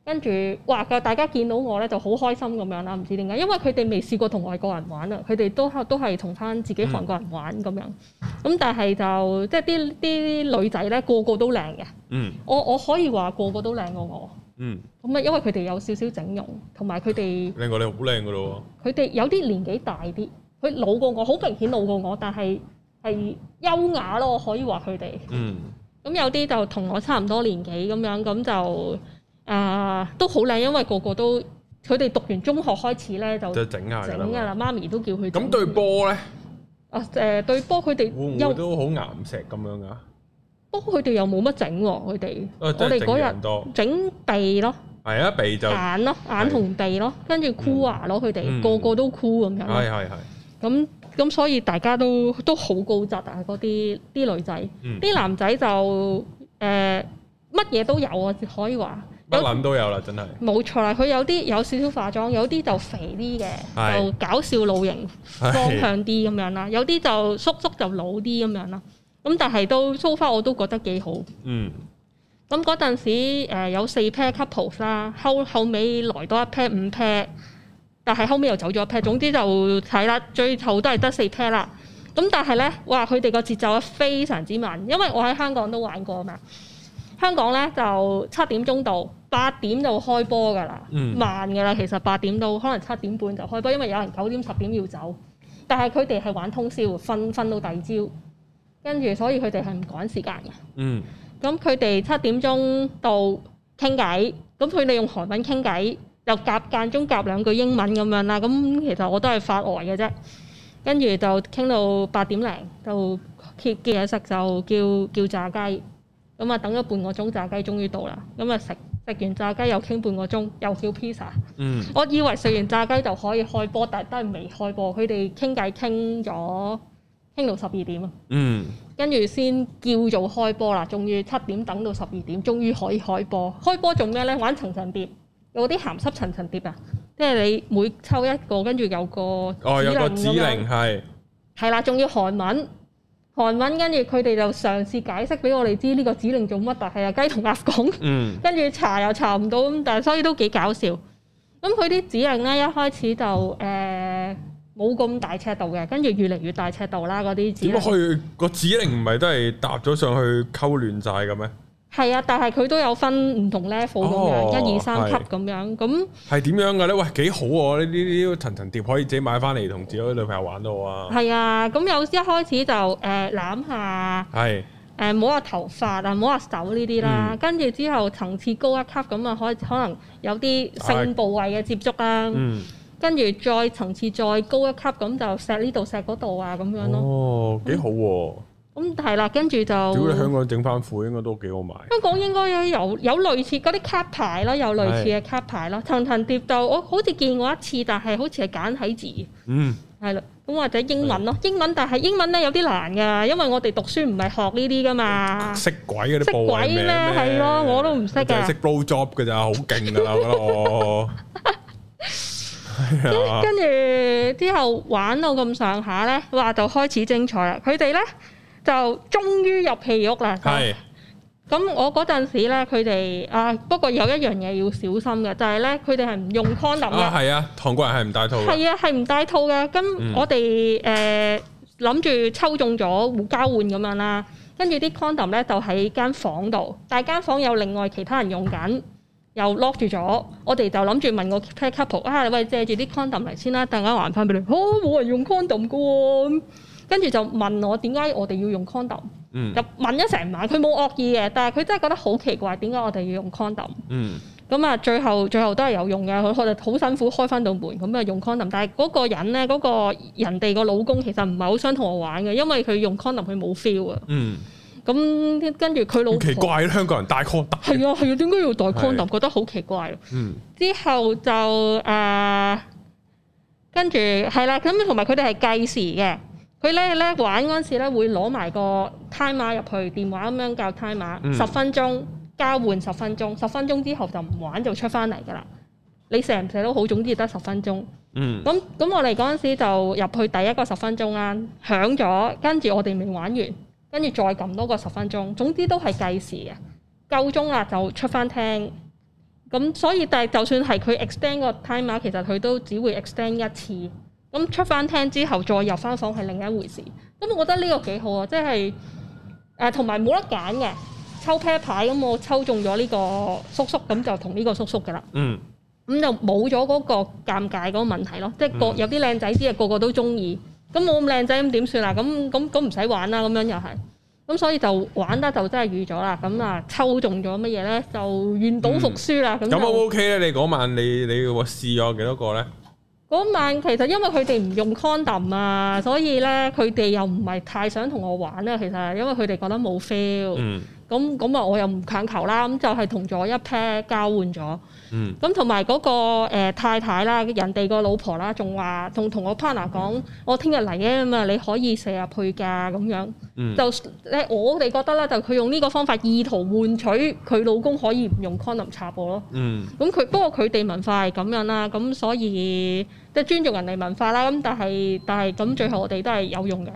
Speaker 2: 跟住哇噶，大家見到我咧就好開心咁樣啦，唔知點解，因為佢哋未試過同外國人玩啊，佢哋都係都係同翻自己韓國人玩咁樣。咁、嗯、但係就即係啲啲女仔咧，個個都靚嘅。嗯，我我可以話個個都靚過我。嗯，咁啊，因為佢哋有少少整容，同埋佢哋
Speaker 1: 靚過你，好靚噶咯。
Speaker 2: 佢哋有啲年紀大啲，佢老過我，好明顯老過我，但係係優雅咯。我可以話佢哋。嗯，咁有啲就同我差唔多年紀咁樣，咁就。啊，都好靚，因為個個都佢哋讀完中學開始咧就整下整嘅啦，媽咪都叫佢整。咁對波咧？啊誒，對波佢哋會唔會都好
Speaker 1: 岩石咁樣噶？
Speaker 2: 波佢哋又冇乜整喎，佢哋我哋嗰日整鼻咯，
Speaker 1: 係啊，鼻就眼
Speaker 2: 咯，眼同鼻咯，跟住箍牙咯，佢哋個個都箍咁樣。係係係。咁咁，所以大家都都好高質啊！嗰啲啲女仔，啲男仔就誒乜嘢都有啊，可以話。
Speaker 1: 不嬲都有啦，真
Speaker 2: 係冇錯啦。佢有啲有少少化妝，有啲就肥啲嘅，是就搞笑路型方向啲咁樣啦。是有啲就叔叔就老啲咁樣啦。咁但係都 so far，我都覺得幾好。
Speaker 3: 嗯。
Speaker 2: 咁嗰陣時、呃、有四 pair couples 啦，後來來後尾來多一 pair 五 pair，但係後尾又走咗一 pair。總之就睇啦，最後都係得四 pair 啦。咁但係咧，哇！佢哋個節奏啊非常之慢，因為我喺香港都玩過啊嘛。香港咧就七點鐘到八點就開波㗎啦，嗯、慢㗎啦。其實八點到可能七點半就開波，因為有人九點十點要走。但係佢哋係玩通宵，瞓瞓到第二朝，跟住所以佢哋係唔趕時間㗎。嗯，咁佢哋七點鐘到傾偈，咁佢哋用韓文傾偈，又夾間中夾兩句英文咁樣啦。咁其實我都係發呆嘅啫，跟住就傾到八點零就叫嘢食就叫叫炸雞。咁啊，等咗半個鐘炸雞，終於到啦。咁啊，食食完炸雞又傾半個鐘，又叫 pizza。
Speaker 3: 嗯。我
Speaker 2: 以為食完炸雞就可以開波，但係都係未開波。佢哋傾偈傾咗傾到十二點啊。嗯。跟住先叫做開波啦，終於七點等到十二點，終於可以開波。開波做咩咧？玩層層疊，有啲鹹濕層層疊啊！即係你每抽一個，跟住有個指令哦，有個指令係。係啦，仲要韓文。韓文，跟住佢哋就嘗試解釋俾我哋知呢個指令做乜，但係又雞同鴨講，跟住、嗯、查又查唔到，咁但係所以都幾搞笑。咁佢啲指令咧，一開始就誒冇咁大尺度嘅，跟住越嚟越大尺度啦，嗰啲指令。點解可以
Speaker 1: 個指令唔係都係搭咗上去溝亂晒嘅咩？
Speaker 2: 係啊，但係佢都有分唔同 level 咁樣，哦、一二三級咁樣咁。
Speaker 1: 係點是那樣嘅咧？喂，幾好喎，啊！呢啲呢啲層層疊可以自己買翻嚟同自己女朋友玩到啊！
Speaker 2: 係啊，咁有啲一開始就誒攬、呃、下，係誒摸下頭髮啊，摸下手呢啲啦。跟住、嗯、之後層次高一級咁啊，可以可能有啲性部位嘅接觸啊。嗯。跟住再層次再高一級咁就錫呢度錫嗰度啊，咁樣咯。
Speaker 1: 哦，幾好喎，啊！嗯
Speaker 2: 咁係啦，跟住、嗯、就如果你香
Speaker 1: 港整翻款，應該都幾好賣。
Speaker 2: 香港應該有有類似嗰啲卡牌囉，有類似嘅卡牌囉，牌的層層疊到我好似見過一次，但係好似係簡體字。
Speaker 1: 嗯，
Speaker 2: 係啦，咁或者英文咯，的英文但係英文咧有啲難㗎，因為我哋讀書唔係學呢啲㗎嘛。
Speaker 1: 識、嗯、鬼嗰、啊、啲。識鬼咩？係咯麼，我都
Speaker 2: 唔識㗎。識
Speaker 1: blow job 㗎咋，好勁啊！我
Speaker 3: 跟
Speaker 2: 住之後玩到咁上下咧，哇！就開始精彩啦。佢哋咧。就終於入戲屋啦！咁係我嗰陣時咧，佢哋啊，不過有一樣嘢要小心嘅，就係、是、咧，佢哋係唔用 condom 嘅。係啊，
Speaker 1: 韓國人係唔戴套嘅。係
Speaker 2: 啊，係唔戴套嘅。咁我哋誒諗住抽中咗互交換咁樣啦，跟住啲 condom 咧就喺間房度，但間房有另外其他人用緊，又 lock 住咗。我哋就諗住問個 pair couple 啊，喂，借住啲 condom 嚟先啦，等陣間我還翻俾你。好、哦，冇人用 condom 嘅喎、啊。跟住就問我點解我哋要用 condom？、嗯、就問咗成晚，佢冇惡意嘅，但係佢真係覺得好奇怪，點解我哋要用 condom？咁啊、嗯，最後最後都係有用嘅，佢哋好辛苦開翻到門，咁啊用 condom。但係嗰個人咧，嗰、嗰個人哋個老公其實唔係好想同我玩嘅，因為佢用 condom 佢冇 feel 啊。咁、嗯、跟住佢老奇怪香
Speaker 1: 港人戴 condom
Speaker 2: 係啊係啊，點解、啊、要戴 condom？、啊、覺得好奇怪。嗯、之後就誒、呃，跟住係啦，咁同埋佢哋係計時嘅。佢咧咧玩嗰陣時咧，會攞埋個 timer 入去電話咁樣教 timer 十分鐘交換十分鐘，十分,分鐘之後就唔玩就出翻嚟噶啦。你成唔成都好，總之得十分鐘。咁咁、嗯、我哋嗰陣時就入去第一個十分鐘啊，響咗，跟住我哋未玩完，跟住再撳多個十分鐘，總之都係計時嘅。夠鐘啦就出翻廳。咁所以但係就算係佢 extend 個 timer 其實佢都只會 extend 一次。咁出翻廳之後再入翻房係另一回事，咁我覺得呢個幾好啊，即係誒同埋冇得揀嘅，抽啤牌咁我抽中咗呢個叔叔咁就同呢個叔叔㗎啦，嗯，咁就冇咗嗰個尷尬嗰個問題咯，嗯、即係個有啲靚仔啲啊個個都中意，咁冇咁靚仔咁點算啊？咁咁咁唔使玩啦，咁樣又係，咁所以就玩得就真係預咗啦，咁啊抽中咗乜嘢咧就願賭服輸啦。咁我 OK
Speaker 1: 咧？你嗰晚你你，你試咗幾多個咧？
Speaker 2: 嗰晚其實因為佢哋唔用 condom 啊，所以咧，佢哋又唔係太想同我玩啦、啊。其實因為佢哋覺得冇 feel。嗯。咁咁啊，我又唔強求啦，咁就係同咗一 pair 交換咗。嗯。咁同埋嗰個、呃、太太啦，人哋個老婆啦，仲話仲同我 partner 講，嗯、我聽日嚟啊嘛，你可以射入去㗎咁樣。嗯、就咧，我哋覺得咧，就佢用呢個方法意圖換取佢老公可以唔用 Condom、um、插我咯。嗯。咁佢不過佢哋文化係咁樣啦，咁所以即係、就是、尊重人哋文化啦。咁但係但係咁最後我哋都係有用嘅。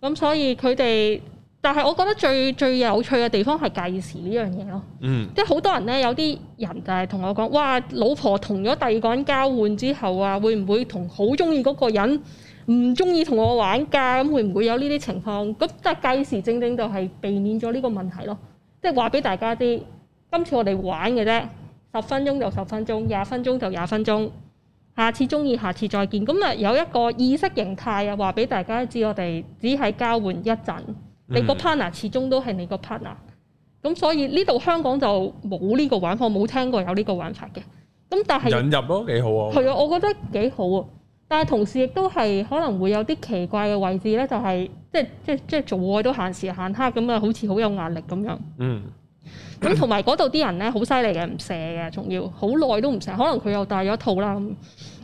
Speaker 2: 咁所以佢哋。但係，我覺得最最有趣嘅地方係計時呢樣嘢咯，嗯，即係好多人咧，有啲人就係同我講，哇，老婆同咗第二個人交換之後啊，會唔會同好中意嗰個人唔中意同我玩㗎？咁會唔會有呢啲情況？咁但係計時正正就係避免咗呢個問題咯。即係話俾大家知：今次我哋玩嘅啫，十分鐘就十分鐘，廿分鐘就廿分鐘，下次中意下次再見。咁啊有一個意識形態啊，話俾大家知，我哋只係交換一陣。你個 partner 始終都係你個 partner，咁、嗯、所以呢度香港就冇呢個玩法，冇聽過有呢個玩法嘅。咁但係
Speaker 3: 引
Speaker 1: 入都幾好啊。係啊，我
Speaker 2: 覺得幾好啊。但係同時亦都係可能會有啲奇怪嘅位置咧，就係、是、即係即係即係做愛都限時限刻咁啊，好似好有壓力咁樣。
Speaker 3: 嗯。
Speaker 2: 咁同埋嗰度啲人咧好犀利嘅，唔射嘅，仲要好耐都唔射，可能佢又戴咗套啦。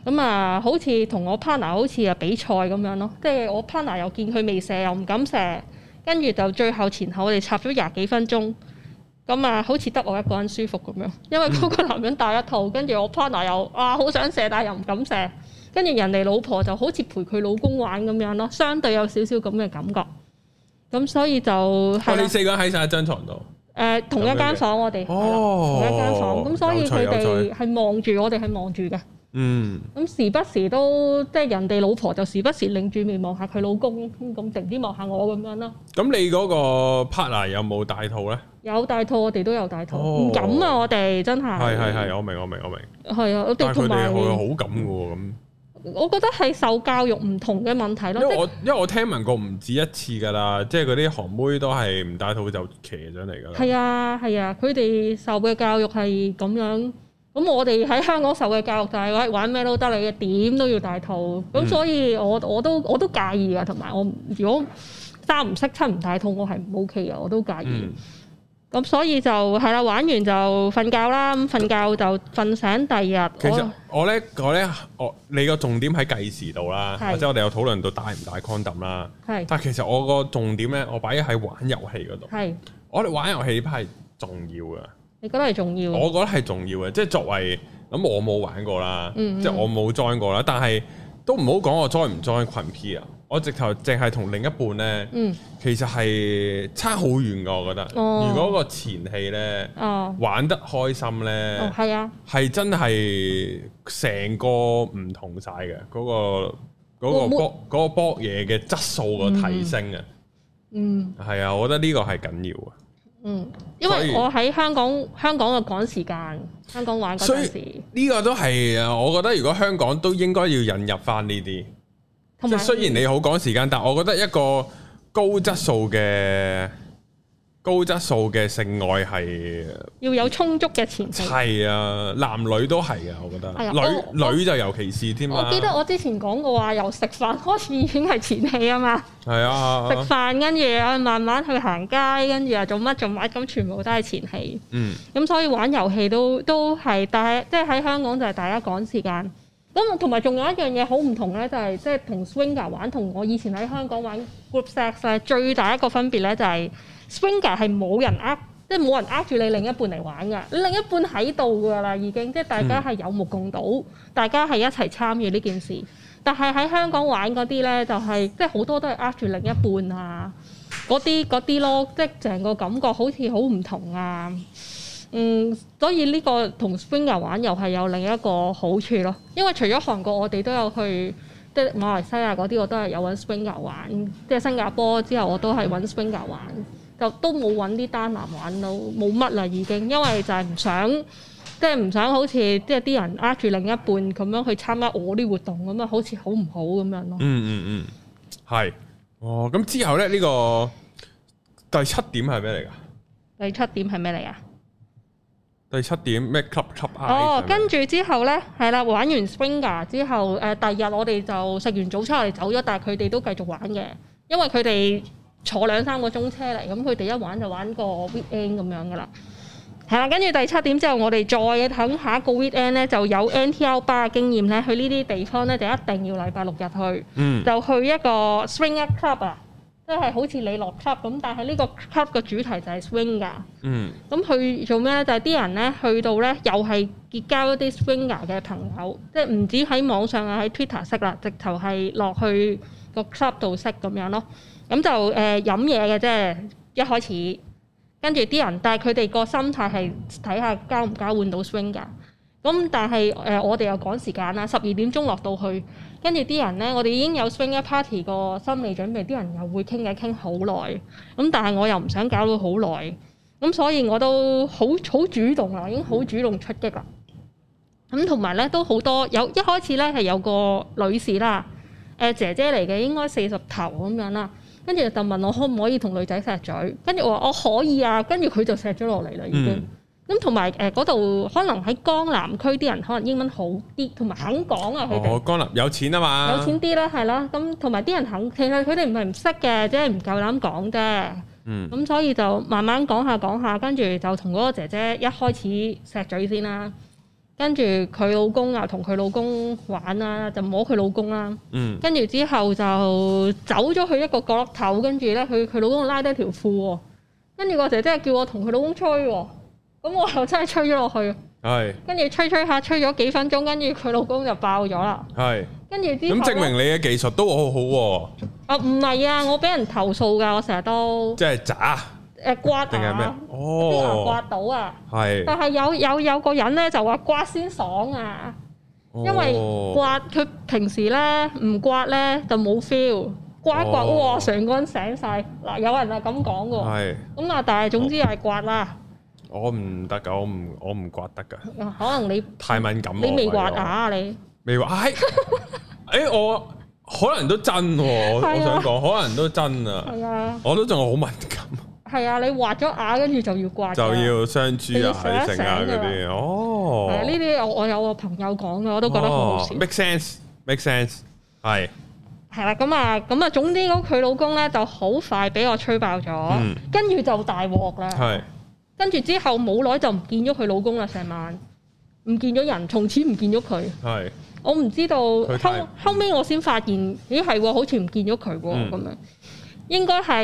Speaker 2: 咁啊，好似同我 partner 好似啊比賽咁樣咯，即、就、係、是、我 partner 又見佢未射，又唔敢射。跟住就最後前後我哋插咗廿幾分鐘，咁啊好似得我一個人舒服咁樣，因為嗰個男人戴一套，跟住、嗯、我 partner 又啊好想射但又唔敢射，跟住人哋老婆就好似陪佢老公玩咁樣咯，相對有少少咁嘅感覺。咁所以就我哋、哦、了四
Speaker 1: 個人喺晒一張床
Speaker 2: 度，誒、呃、同一間房我哋、哦，同一間房，咁、哦、所以佢哋係望住我哋係望住嘅。彩嗯，咁時不時都即係人哋老婆就時不時擰住面望下佢老公，咁定啲望下我咁樣咯。
Speaker 1: 咁、嗯、你嗰個 partner 有冇戴套咧？
Speaker 2: 有戴套，我哋都有戴套，唔、哦、敢啊我！我哋真係。係係
Speaker 1: 係，我明我明我明。
Speaker 2: 係啊，我哋同埋。但係佢哋會好
Speaker 1: 敢嘅喎，咁。
Speaker 2: 我覺得係受教育唔同嘅問題咯。因為我
Speaker 1: 因為我聽聞過唔止一次噶啦，即係啲韓妹都係唔戴套就騎咗嚟噶
Speaker 2: 啦。係啊係啊，佢哋、啊、受嘅教育係咁樣。咁我哋喺香港受嘅教育就係玩咩都得，你嘅點都要戴套。咁、嗯、所以我我都我都介意啊，同埋我如果三唔識七唔戴套，我係唔 OK 嘅，我都介意。咁、嗯、所以就係啦，玩完就瞓覺啦。咁瞓覺就瞓醒第二日。其實
Speaker 1: 我咧我，我咧，我你個重點喺計時度啦，是或者我哋有討論到戴唔戴 condom 啦。係是，但係其實我個重點咧，我擺喺係玩遊戲嗰度。係是，我哋玩遊戲係重要嘅。
Speaker 2: 你覺得係重要？我覺
Speaker 1: 得係重要嘅，即、就、係、是、作為咁，我冇玩過啦，即係、嗯嗯、我冇 join 過啦。但係都唔好講我 join 唔 join 群 P 啊！我直頭淨係同另一半咧，嗯、其實係差好遠嘅。我覺得，哦、如果個前戲咧、哦、玩得開心咧，係、哦哦啊、真係成個唔同晒嘅嗰個嗰、那個搏嘢嘅、嗯那個那個、質素嘅提升啊、嗯！嗯，係啊，我覺得呢個係緊要啊！
Speaker 2: 嗯，因為我喺香港，以香港嘅趕時間，香港玩嗰陣時，呢、
Speaker 1: 呢個都係啊！我覺得如果香港都應該要引入返呢啲，咁啊有雖然你好趕時間，但我覺得一個高質素嘅。高質素嘅性愛係
Speaker 2: 要有充足嘅前戲，係
Speaker 1: 啊，男女都係啊，我覺得。哎、呀女我女就尤其是添、啊、我記得我
Speaker 2: 之前講過話，由食飯開始已經係前戲啊嘛。係啊，食飯跟住啊，慢慢去行街，跟住啊，做乜做乜咁全部都係前戲。嗯，咁、嗯、所以玩遊戲都都係，但係即係喺香港就係大家趕時間。咁同埋仲有一樣嘢好唔同咧，就係、是、即係同 Swinger 玩，同我以前喺香港玩 Group Sex 最大一個分別咧就係、是。Springer 係冇人呃，即係冇人呃住你另一半嚟玩㗎。你另一半喺度㗎啦，已經即係大家係有目共睹，大家係一齊參與呢件事。但係喺香港玩嗰啲咧，就係即係好多都係呃住另一半啊，嗰啲嗰啲咯，即係成個感覺好似好唔同啊。嗯，所以呢個同 Springer 玩又係有另一個好處咯。因為除咗韓國，我哋都有去，即係馬來西亞嗰啲我都係有揾 Springer 玩，即係新加坡之後我都係揾 Springer 玩。就都冇揾啲單男玩咯，冇乜啦已經，因為就係唔想，即係唔想好似即係啲人呃住另一半咁樣去參加我啲活動咁啊，好似好唔好咁樣咯。
Speaker 3: 嗯嗯嗯，係，
Speaker 1: 哦，咁之後咧呢個第七點係咩嚟噶？
Speaker 2: 第七點係咩嚟啊？
Speaker 1: 第七點咩 club club 啊？哦，跟
Speaker 2: 住之後咧，係啦，玩完 swinger 之後，誒，第二日我哋就食完早餐我哋走咗，但係佢哋都繼續玩嘅，因為佢哋。坐兩三個鐘車嚟，咁佢哋一玩就玩個 weekend 咁樣噶啦。係啦，跟住第七點之後，我哋再等下一個 weekend 咧，就有 NTR Bar 嘅經驗咧。去呢啲地方咧，就一定要禮拜六日去，就去一個 swinger club 啊，即係好似你落 club 咁，但係呢個 club 嘅主題就係 swinger 噶。咁去做咩咧？就係啲人咧去到咧，又係結交一啲 swinger 嘅朋友，即係唔止喺網上啊，喺 Twitter 識啦，直頭係落去個 club 度識咁樣咯。咁就誒飲嘢嘅啫，一開始跟住啲人，但係佢哋個心態係睇下交唔交換到 swing 噶。咁但係誒、呃、我哋又趕時間啦，十二點鐘落到去，跟住啲人咧，我哋已經有 swing 嘅 party 個心理準備，啲人又會傾嘢傾好耐。咁但係我又唔想搞到好耐，咁所以我都好好主動啦，已經好主動出擊啦。咁同埋咧都好多有一開始咧係有個女士啦，誒、呃、姐姐嚟嘅，應該四十頭咁樣啦。跟住就問我可唔可以同女仔錫嘴，跟住我話我可以啊，跟住佢就錫咗落嚟啦，已經、嗯。咁同埋誒嗰度可能喺江南區啲人可能英文好啲，同埋肯講啊，佢哋、哦。
Speaker 1: 江南有錢啊嘛，有錢
Speaker 2: 啲啦，係啦。咁同埋啲人肯，其實佢哋唔係唔識嘅，即係唔夠膽講啫。嗯。咁所以就慢慢講下講下，跟住就同嗰個姐姐一開始錫嘴先啦。跟住佢老公啊，同佢老公玩啦，就摸佢老公啦。嗯。跟住之後就走咗去一個角落頭，跟住咧佢佢老公拉低條褲喎。跟住個姐姐叫我同佢老公吹喎，咁我又真係吹咗落去。係是。跟住吹吹下，吹咗幾分鐘，跟住佢老公就爆咗啦。係是。跟住啲咁證明你
Speaker 1: 嘅技術都好好、啊、喎。
Speaker 2: 啊唔係啊，我俾人投訴㗎，我成日都。即係渣。誒刮啊，定係咩刮到啊，但係有有有個人咧就話刮先爽啊，
Speaker 3: 因為刮
Speaker 2: 佢平時咧唔刮咧就冇 feel，刮一刮哇成個人醒晒，嗱有人就咁講噶，咁啊但係總之係刮啦，
Speaker 1: 我唔得噶，我唔我唔刮得噶可能你太敏感，你未刮啊你未刮。誒我可能都真，我想講可能都真啊，我都仲係好敏感。
Speaker 2: 係啊，你畫咗眼跟住就要刮，就要
Speaker 1: 相處啊，啲剩啊嗰啲哦。係呢
Speaker 2: 啲我有個朋友講嘅，我都覺得好好笑、哦、Make
Speaker 1: sense，make sense，係
Speaker 2: sense。係啦，咁啊，咁啊，總之佢老公咧就好快俾我吹爆咗，跟住、嗯、就大鑊啦。係是。跟住之後冇耐就唔見咗佢老公啦，成晚唔見咗人，從此唔見咗佢。
Speaker 3: 係
Speaker 2: 是。我唔知道，太後後尾我先發現，咦係好似唔見咗佢喎咁樣。嗯應該係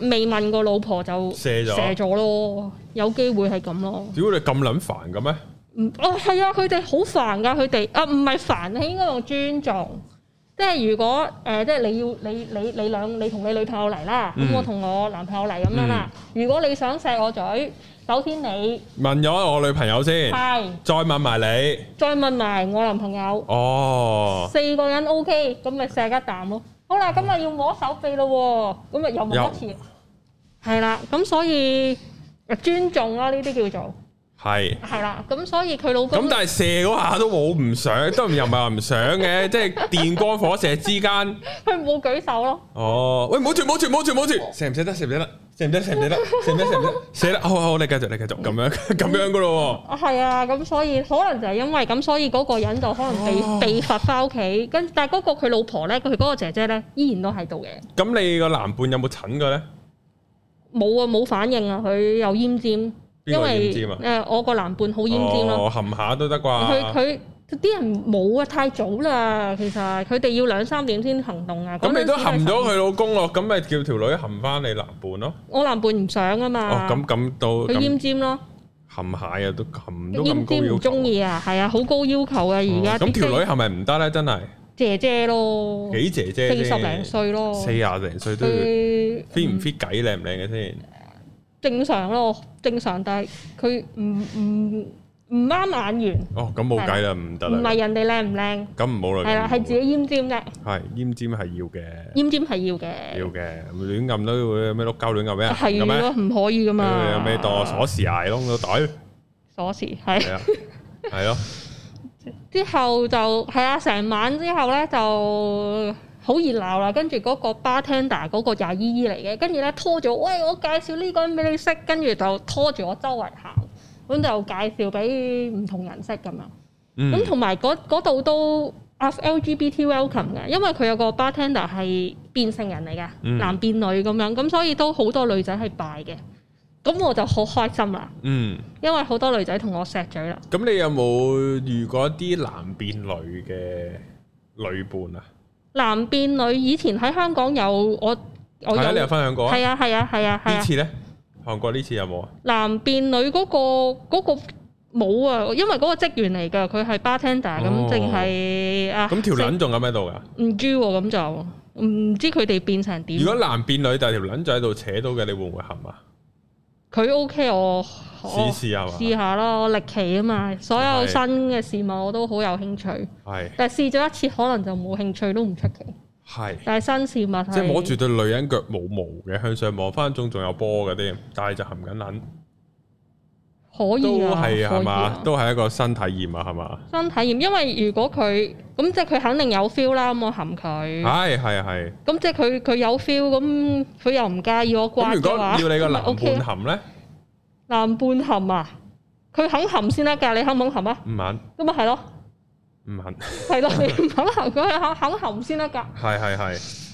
Speaker 2: 未問過老婆就射咗了咯，有機會係咁咯。
Speaker 1: 屌你咁撚煩㗎咩？
Speaker 2: 嗯，哦係啊，佢哋好煩㗎，佢哋啊唔係煩，佢應該用尊重。即係如果誒、呃，即係你要你你你兩你同你，你女朋友嚟啦，咁、嗯、我同我男朋友嚟咁、嗯、樣啦。如果你想錫我嘴，首先你
Speaker 1: 問咗我女朋友先，係是再問埋你，
Speaker 2: 再問埋我男朋友。
Speaker 3: 哦，四
Speaker 2: 個人 OK，咁咪錫一啖咯。好啦，咁啊要摸手臂咯喎、啊，咁啊又摸一次，係有 啦，咁所以啊尊重啦、啊，呢啲叫做。係係啦，咁所以佢老婆咁但係
Speaker 1: 射嗰下都冇唔想，都唔又唔係話唔想嘅，即係電光火石之間，
Speaker 2: 佢冇 舉手咯。
Speaker 1: 哦，喂，冇住，冇住，冇住，冇住，射唔射得？射唔得？射唔得？射唔得？射唔得？射唔得？射啦！ 好好，好，你繼續，你繼續，咁樣咁樣噶咯。
Speaker 2: 係、嗯、啊，咁所以可能就係因為咁，所以嗰個人就可能被被罰翻屋企。跟但係、那、嗰個佢老婆咧，佢嗰個姐姐咧，依然都喺度嘅。
Speaker 1: 咁你個男伴有冇診過咧？
Speaker 2: 冇啊，冇反應啊，佢又閹尖。
Speaker 1: 因為誒，
Speaker 2: 我個男伴好奄尖咯，我
Speaker 1: 含下都得啩。佢
Speaker 2: 佢啲人冇啊，太早啦。其實佢哋要兩三點先行動啊。咁你都
Speaker 1: 含咗佢老公咯，咁咪叫條女含翻你男伴咯。
Speaker 2: 我男伴唔想啊嘛。哦，咁
Speaker 1: 咁到佢奄尖咯，含下啊都含都咁高要求。唔中
Speaker 2: 意啊，係啊，好高要求啊。而家咁條女係咪
Speaker 1: 唔得咧？真係
Speaker 2: 姐姐咯，幾
Speaker 1: 姐姐，四十零歲咯，四十零歲都 fit 唔 fit 計靚唔靚嘅先？
Speaker 2: 正常咯，正常，但係佢唔唔唔啱眼緣。
Speaker 1: 哦，咁冇計啦，唔得啦。唔係人
Speaker 2: 哋靚唔靚？
Speaker 1: 咁唔好啦。係啦，係
Speaker 2: 自己厭尖啫。
Speaker 1: 係厭尖係要嘅。
Speaker 2: 厭尖係要嘅。
Speaker 1: 要嘅，亂撳都會咩碌鳩亂撳咩？係咁樣，
Speaker 2: 唔可以噶嘛。有咩帶鎖
Speaker 1: 匙挨咯個袋？
Speaker 2: 鎖匙係。
Speaker 1: 係咯。
Speaker 2: 之後就係啊，成晚之後咧就。好熱鬧啦，跟住嗰個 bartender 嗰個阿姨姨嚟嘅，跟住咧拖住我。喂，我介紹呢個俾你識，跟住就拖住我周圍行，咁就介紹俾唔同人識咁、嗯、樣。咁同埋嗰度都 f LGBT welcome 嘅，因為佢有個 bartender 係變性人嚟嘅，嗯、男變女咁樣，咁所以都好多女仔係拜嘅。咁我就好開心啦。嗯，因為好多女仔同我錫嘴啦。
Speaker 1: 咁、嗯、你有冇遇過啲男變女嘅女伴啊？
Speaker 2: 男變女以前喺香港有，我而家、啊、你有分享過啊？係啊係啊係啊係啊！啊啊啊次呢次
Speaker 1: 咧，韓國呢次有冇啊？
Speaker 2: 男變女嗰、那個嗰、那個冇啊，因為嗰個職員嚟㗎，佢係 bartender 咁，淨係、哦、啊咁、嗯、正條
Speaker 1: 輪仲有喺度㗎？唔
Speaker 2: 知喎，咁就唔知佢哋變成點。如果男
Speaker 1: 變女但係條輪就喺度扯到嘅，你會唔會喊啊？
Speaker 2: 佢 OK，我，我試，試，試下咯，我力奇啊嘛，所有新嘅事物我都好有興趣。係是，但係試咗一次可能就冇興趣都唔出奇。係是，但係新事物即係摸住
Speaker 1: 對女人腳冇毛嘅，向上望翻仲仲有波嗰啲，但係就含緊撚。
Speaker 2: 可以啊是，都係係嘛，
Speaker 1: 都係一個新體驗啊，係嘛？
Speaker 2: 新體驗，因為如果佢咁即係佢肯定有 feel 啦，咁我含佢。係
Speaker 1: 係係。
Speaker 2: 咁即係佢佢有 feel，咁佢又唔介意我掛嘅話。如果唔要你個男伴含咧，男伴含啊，佢肯含先得㗎，你肯唔肯含啊？唔肯。咁咪係咯。唔
Speaker 1: 肯。係咯，唔
Speaker 2: 肯含佢肯肯含先得㗎。
Speaker 1: 係係係，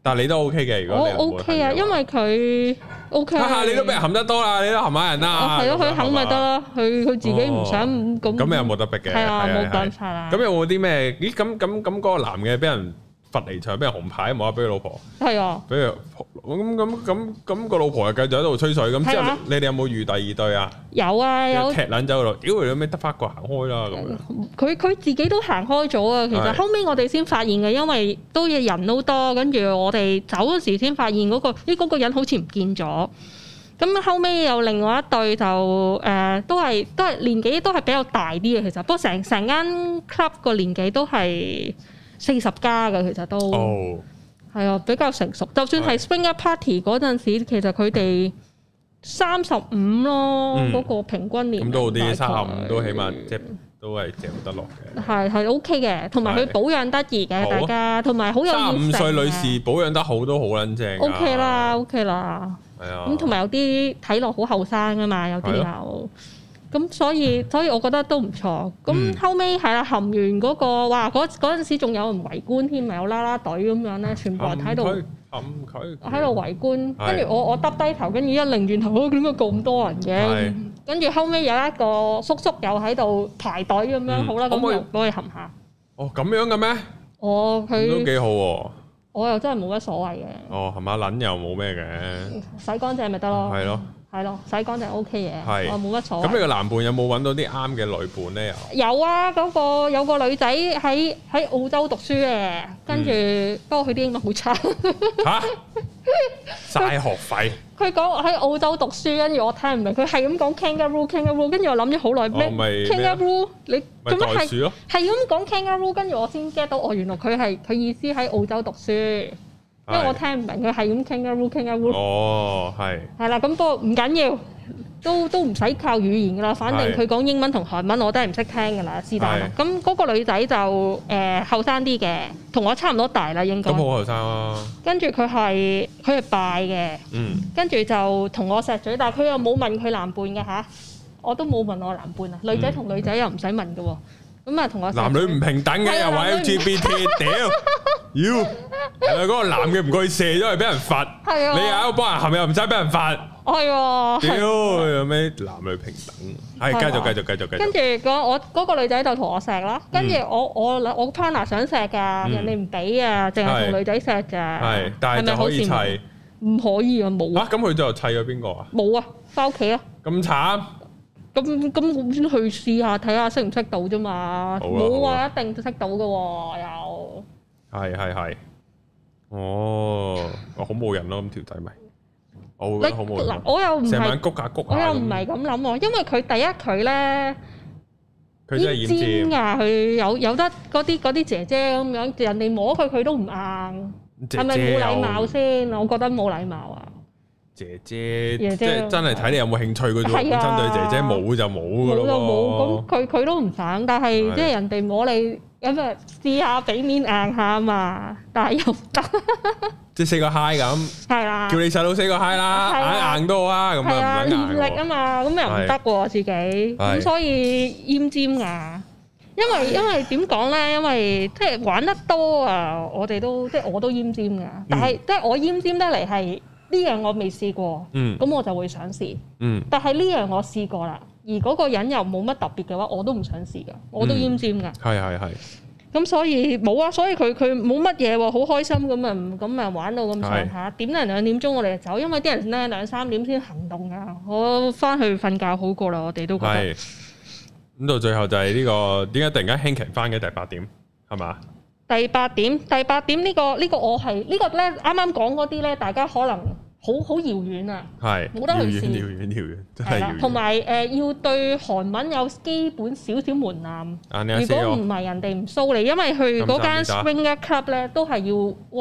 Speaker 1: 但係你都 OK 嘅，如果我 OK 啊，
Speaker 2: 因為佢。O.K.，啊、你都俾人
Speaker 1: 含得多啦，你都含埋人啦。哦、咯、嗯，佢含咪得咯，
Speaker 2: 佢佢自己唔想咁咁。又冇得逼嘅。係啊，冇辦法啊。咁
Speaker 1: 有冇啲咩？咦，咁咁咁嗰個男嘅俾人？罰離場咩紅牌冇話！俾佢老婆，係啊，俾咁咁咁咁個老婆又繼續喺度吹水咁。之後。你哋有冇遇第二對啊？
Speaker 2: 有啊樣有啊。踢
Speaker 1: 撚走咯，佢有咩得翻個行開啦咁。
Speaker 2: 佢佢自己都行開咗啊！其實後尾我哋先發現嘅，因為都嘢人都多，跟住我哋走嗰時先發現嗰、嗰個咦、嗰個、人好似唔見咗。咁後尾有另外一對就誒、呃，都係都係年紀都係比較大啲嘅，其實不過成成間 club 個年紀都係。四十加㗎其實都，哦，係啊，比較成熟。就算係 Springer Party 嗰陣時，其實佢哋三十五咯，嗰個平均年齡。咁多啲三十五都
Speaker 1: 起碼即都係整得落
Speaker 2: 嘅。係係 OK 嘅，同埋佢保養得宜嘅，大家同埋好有。三十五歲女士
Speaker 1: 保養得好都好撚正。OK 啦 OK 啦，係啊咁
Speaker 2: 同埋有啲睇落好後生啊嘛，有啲有。咁所以，所以我覺得都唔錯。咁後尾係啊，含完嗰個，哇！嗰嗰陣時仲有人圍觀添，咪有啦啦隊咁樣咧，全部人睇到，
Speaker 3: 含佢，喺度
Speaker 2: 圍觀。跟住我我耷低頭，跟住一擰轉頭，點解咁多人嘅？跟住後尾有一個叔叔又喺度排隊咁樣，好啦，可唔可以幫你含下？
Speaker 1: 哦，咁樣嘅咩？
Speaker 2: 哦，佢都幾好
Speaker 1: 喎。
Speaker 2: 我又真係冇乜所謂嘅。
Speaker 1: 哦，含下撚又冇咩嘅，
Speaker 2: 洗乾淨咪得咯。係咯。係咯，洗乾淨 O K 嘅，我冇乜錯。咁你個男
Speaker 1: 伴有冇揾到啲啱嘅女伴咧？
Speaker 2: 有啊，嗰個有個女仔喺喺澳洲讀書嘅，跟住不過佢啲英文好差。嚇！
Speaker 1: 曬學費。
Speaker 2: 佢講喺澳洲讀書，跟住我聽唔明。佢係咁講 Kangaroo Kangaroo，跟住我諗咗好耐，咩 Kangaroo 你做咩係係咁講 Kangaroo，跟住我先 get 到，哦，原來佢係佢意思喺澳洲讀書。因為我聽唔明佢係咁傾啊，喎傾啊，喎。哦，
Speaker 1: 係。
Speaker 2: 係啦，咁不過唔緊要，都都唔使靠語言噶啦，反正佢講英文同韓文，我都係唔識聽噶啦，是但。咁嗰個女仔就誒後生啲嘅，同我差唔多大啦，應該。咁好後
Speaker 3: 生啊！
Speaker 2: 跟住佢係佢係拜嘅。嗯。跟住就同我錫嘴，但係佢又冇問佢男伴嘅吓，我都冇問我男伴啊。女仔同女仔又唔使問嘅喎，咁啊同我男。男女唔
Speaker 1: 平等嘅，又話 LGBT
Speaker 2: 屌
Speaker 1: 係啊！嗰個男嘅唔該射咗，係俾人罰。係啊！你喺度幫人含又唔使俾人罰。
Speaker 2: 係喎，屌
Speaker 1: 有咩男女平等？喺街就繼續繼續繼續繼續。跟住
Speaker 2: 個我嗰個女仔就同我錫啦。跟住我我我 partner 想錫㗎，人哋唔俾啊，淨係同女仔錫啫。係，但係可以砌。唔可以啊，冇啊。嚇！咁佢
Speaker 1: 就砌咗邊個啊？
Speaker 2: 冇啊，翻屋企啦。咁慘？咁咁我先去試下睇下識唔識到啫嘛，冇話一定識到嘅喎又。
Speaker 1: 係係係。哦，好冇人咯，咁條仔咪，你我會覺得好冇人，啊。我又唔係成晚谷下谷下，我又唔係
Speaker 2: 咁諗喎，因為佢第一佢咧，
Speaker 1: 佢真係黐牙，
Speaker 2: 佢有有得嗰啲嗰啲姐姐咁樣，人哋摸佢佢都唔硬，
Speaker 1: 係咪冇禮貌
Speaker 2: 先？我覺得冇禮貌啊。
Speaker 1: 姐姐即係真係睇你有冇興趣嗰種，針對姐姐冇就冇噶咯。冇就冇，咁佢
Speaker 2: 佢都唔想，但係即係人哋摸你咁啊，試下俾面硬下啊嘛。但係又唔得，
Speaker 1: 即係四個 high 咁。係啦，叫你細佬四個 high 啦，硬硬多啊。咁係啊，練力啊
Speaker 2: 嘛。咁又唔得噶喎，自己。咁所以奄尖啊，因為因為點講咧？因為即係玩得多啊，我哋都即係我都奄尖噶。但係即係我奄尖得嚟係。呢樣我未試過，咁、嗯、我就會想試。嗯、但係呢樣我試過啦，而嗰個人又冇乜特別嘅話，我都唔想試㗎，我都奄尖㗎。係係係。咁所以冇啊，所以佢佢冇乜嘢喎，好開心咁啊咁啊玩到咁上下，是點能兩,兩點鐘我哋就走，因為啲人咧兩三點先行動㗎，我翻去瞓覺好過啦，我哋都覺得。
Speaker 1: 咁到最後就係呢、呢個點解突然間興起返嘅第八點係嘛？
Speaker 2: 第八點，第八點呢、這個這個這個呢個我係呢個咧，啱啱講嗰啲咧，大家可能好好遙遠啊，
Speaker 1: 係冇得去，遙遠遙遠遙遠。係啦，同埋
Speaker 2: 誒要對韓文有基本少少門檻。啊、如果唔係人哋唔收你，因為佢嗰間 Swinger Club 咧都係要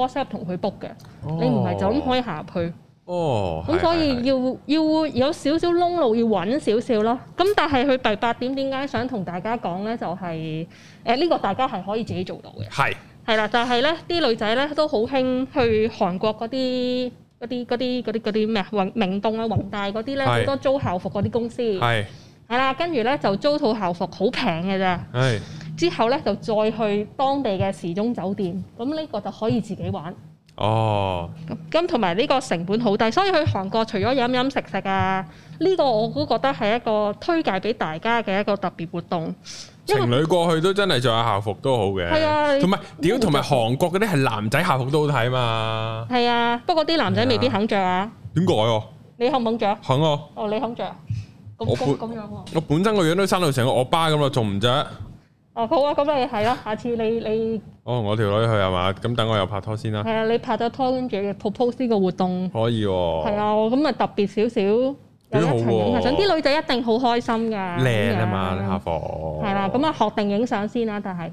Speaker 2: WhatsApp 同佢 book 嘅，哦、你唔係就咁可以行入去。哦，咁、oh, 所以要是是是要，要有少少窿路要揾少少咯。咁但係佢第八點點解想同大家講咧？就係誒呢個大家係可以自己做到嘅。係是，係啦，但係咧啲女仔咧都好興去韓國嗰啲嗰啲嗰啲嗰啲啲咩啊，明洞啊宏大嗰啲咧好多租校服嗰啲公司係，係啦是、嗯，跟住咧就租套校服好平嘅啫。係，是 之後咧就再去當地嘅時鐘酒店，咁呢個就可以自己玩。
Speaker 3: 哦，
Speaker 2: 咁同埋呢個成本好低，所以去韓國除咗飲飲食食啊，呢個我都覺得係一個推介俾大家嘅一個特別活動。
Speaker 1: 情侶過去都真係着下校服都好嘅，係啊，同埋點同埋韓國嗰啲係男仔校服都好睇嘛。
Speaker 2: 係啊，不過啲男仔未必肯着啊。
Speaker 1: 點解喎？
Speaker 2: 你肯唔肯着？肯啊！哦，你肯着？我本咁樣、
Speaker 1: 啊、我本身個樣都生到成個歐巴咁啦，仲唔着？
Speaker 2: 哦好啊，咁你係咯，下次你你
Speaker 1: 哦我條女去係嘛？咁等我又拍拖先啦。
Speaker 2: 係啊，你拍咗拖跟住 propose 呢個活動。
Speaker 1: 可以喎。係
Speaker 2: 啊，咁啊特別少少
Speaker 1: 有一層影相，啲、啊、女
Speaker 2: 仔一定好開心㗎。靚啊
Speaker 1: 嘛，啊下課。係啦、
Speaker 2: 啊，咁啊學定影相先啦，但係。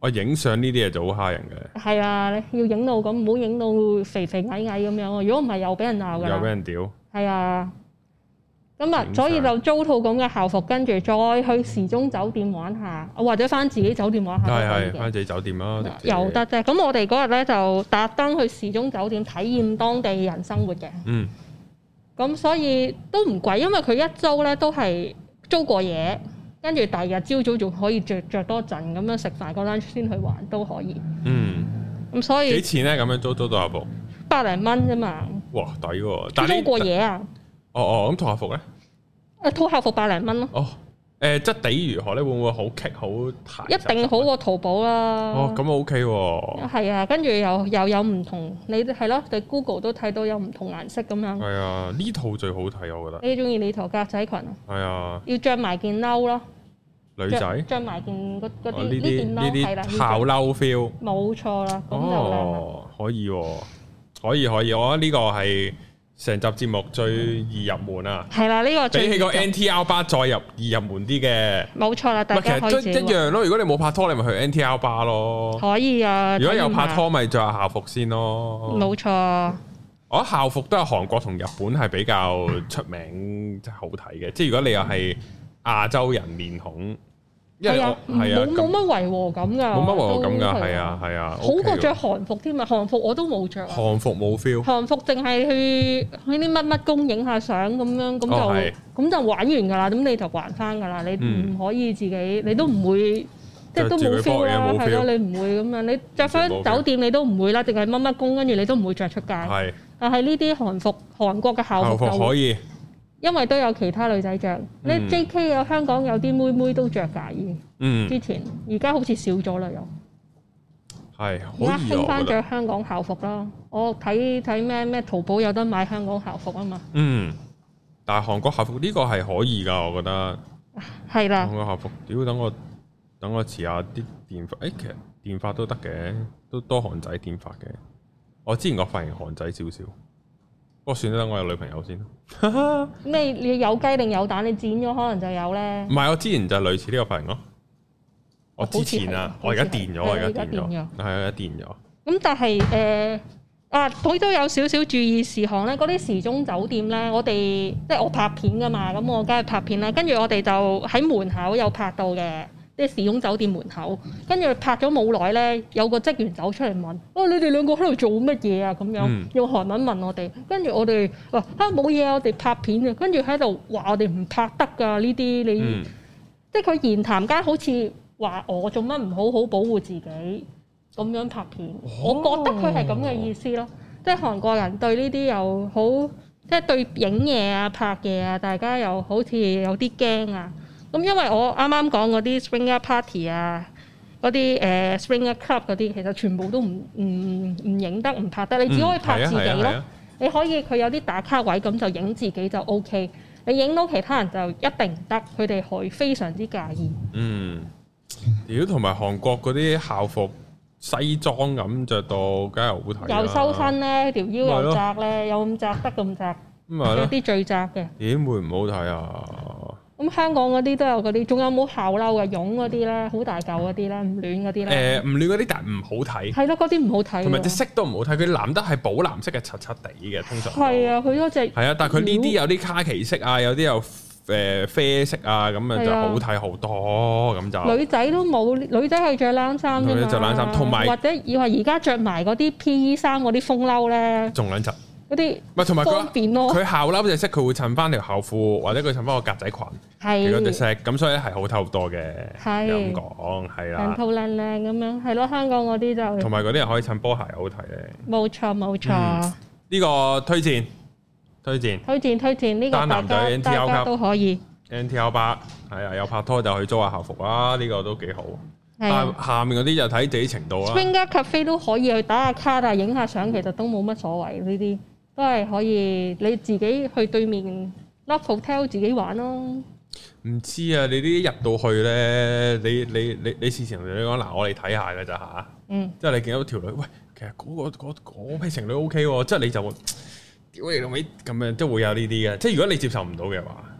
Speaker 1: 我影相呢啲嘢就好嚇人㗎。
Speaker 2: 係啊，你要影到咁，唔好影到肥肥矮矮咁樣啊！如果唔係又俾人鬧㗎。又俾人屌。係啊。咁啊，嗯、所以就租套咁嘅校服，跟住再去時鐘酒店玩下，或者翻自己酒店玩下都得。係係，
Speaker 1: 翻自己酒店啦。有得
Speaker 2: 啫。咁、嗯、我哋嗰日咧就特登去時鐘酒店體驗當地人生活嘅。嗯。咁、嗯、所以都唔貴，因為佢一租咧都係租過夜。跟住第二日朝早仲可以着著多陣咁樣食曬個 lunch 先去玩都可以。
Speaker 1: 嗯。咁所以幾錢咧？咁樣租租對下布？
Speaker 2: 百零蚊啫嘛。
Speaker 1: 哇！抵喎。租過夜啊！哦哦，咁套校服咧？
Speaker 2: 啊，套校服百零蚊咯。
Speaker 1: 哦，誒，質地如何咧？會唔會好勁好排？一定
Speaker 2: 好過淘寶啦。哦，咁
Speaker 1: 我 OK 喎。
Speaker 2: 係啊，跟住又又有唔同，你睇咯，對 Google 都睇到有唔同顏色咁樣。係啊，呢
Speaker 1: 套最好睇，我覺得。你
Speaker 2: 中意呢套格仔裙？係啊。要着埋件褸咯，女仔着埋件嗰嗰啲呢件褸
Speaker 1: 係啦，校褸
Speaker 2: feel。冇錯啦，咁就。
Speaker 1: 哦，可以，可以，可以，我覺得呢個係。成集節目最易入門啊，係啦、嗯，呢個比起個 NTR 巴再入易入門啲嘅，
Speaker 2: 冇錯啦。大家其實一一樣
Speaker 1: 咯，啊、如果你冇拍拖，你咪去 NTR 巴咯。可
Speaker 2: 以啊，如果有拍拖，
Speaker 1: 咪著校服先咯。
Speaker 2: 冇錯，我覺
Speaker 1: 得校服都係韓國同日本係比較出名，即係 好睇嘅。即係如果你又係亞洲人面孔。
Speaker 2: 係啊，冇冇乜維和感噶，冇乜違和感噶，係啊係啊，
Speaker 1: 好過着
Speaker 2: 韓服添啊，韓服我都冇着。韓服冇 feel，韓服淨係去喺啲乜乜公影下相咁樣，咁就咁就玩完㗎啦，咁你就還翻㗎啦，你唔可以自己，你都唔會
Speaker 3: 即係都冇 feel 啦。係咯，你
Speaker 2: 唔會咁樣，你着翻酒店你都唔會啦，淨係乜乜工跟住你都唔會着出街，但係呢啲韓服韓國嘅校服。因為都有其他女仔着。呢 J.K. 有香港有啲妹妹都著㗎依，嗯、之前而家好似少咗啦又。
Speaker 1: 係，而家興翻著
Speaker 2: 香港校服啦。我睇睇咩咩淘寶有得買香港校服啊嘛。嗯，
Speaker 1: 但係韓國校服呢個係可以㗎，我覺得。
Speaker 2: 係啦。韓
Speaker 1: 國校服，屌，等我等我遲下啲電髮。哎、欸，其實電髮都得嘅，都多韓仔電髮嘅。我之前個髮型韓仔少少少。我算得，我有女朋友
Speaker 2: 先。咩？ 你有雞定有蛋？你剪咗可能就有咧。
Speaker 1: 唔係，我之前就係類似呢個髮型咯。我之前啊，我而家電咗，我而家電咗。係啊，電咗。
Speaker 2: 咁但係誒啊，佢都有少少注意事項咧。嗰啲時鐘酒店咧，我哋即係我拍片㗎嘛，咁我梗係拍片啦。跟住我哋就喺門口有拍到嘅。即係時鐘酒店門口，跟住拍咗冇耐咧，有個職員走出嚟問：，哦、啊，你哋兩個喺度做乜嘢啊？咁樣用韓文問我哋，跟住我哋話：，啊冇嘢啊，我哋拍片啊。跟住喺度話我哋唔拍得㗎呢啲，你、嗯、即係佢言談間好似話我做乜唔好好保護自己咁樣拍片。哦、我覺得佢係咁嘅意思咯，哦、即係韓國人對呢啲又好，即係對影嘢啊、拍嘢啊，大家又好似有啲驚啊。咁因為我啱啱講嗰啲 swinger party 啊，嗰啲誒 swinger club 嗰啲，其實全部都唔唔唔影得，唔拍得拍。你只可以拍自己咯。嗯啊啊啊、你可以佢有啲打卡位咁就影自己就 O、OK、K。你影到其他人就一定唔得，佢哋可以非常之介意。嗯，
Speaker 1: 屌同埋韓國嗰啲校服西裝咁著到，梗係好睇、啊。又修身
Speaker 2: 咧，條腰又窄咧，又咁窄得咁窄。咁係啲最窄嘅。
Speaker 1: 點會唔好睇啊？
Speaker 2: 咁、嗯、香港嗰啲都有嗰啲，仲有冇校褸嘅絨嗰啲咧？好大嚿嗰啲咧，唔暖嗰啲咧？誒、呃，
Speaker 1: 唔暖嗰啲，但係唔好睇。係
Speaker 2: 咯，嗰啲唔好睇。同埋隻
Speaker 1: 色都唔好睇，佢藍得係寶藍色嘅，柒柒地嘅，通常。
Speaker 2: 係啊，佢嗰隻。係
Speaker 1: 啊，但係佢呢啲有啲卡其色啊，有啲有誒啡色啊，咁啊就好睇好多咁的就。女
Speaker 2: 仔都冇，女仔係着冷衫啫嘛。就冷衫，同埋有或者以為而家着埋嗰啲 P.E. 衫嗰啲風褸咧。仲冷柒。啲唔係同埋佢，佢校
Speaker 1: 褸隻色佢會襯翻條校褲，或者佢襯翻個格仔裙，
Speaker 2: 佢嗰隻色
Speaker 1: 咁，所以咧係好睇好多嘅。咁講係啦，成套
Speaker 2: 靚靚咁樣，係咯，香港嗰啲就同
Speaker 1: 埋嗰啲人可以襯波鞋，好睇咧。
Speaker 2: 冇錯冇錯，呢、嗯
Speaker 1: 這個推薦推薦
Speaker 2: 推薦推薦呢、這個單男仔 NTR 都可以。
Speaker 1: NTR Bar，係啊，有拍拖就去租下校服啦，呢、這個都幾好。
Speaker 2: 下的下
Speaker 1: 面嗰啲就睇自己程度啦。Swinger
Speaker 2: Cafe 都可以去打下卡啊，影下相，其實都冇乜所謂呢啲。都係可以，你自己去對面 Love Hotel 自己玩咯。
Speaker 1: 唔知啊，你呢啲入到去咧，你你你你,你事前你講嗱、呃，我嚟睇下噶咋吓。嗯，即係你見到條女，喂，其實嗰個嗰嗰 pair 情侶 OK 喎，即係你就屌你老味咁樣，都會有呢啲嘅。即係如果你接受唔到嘅話。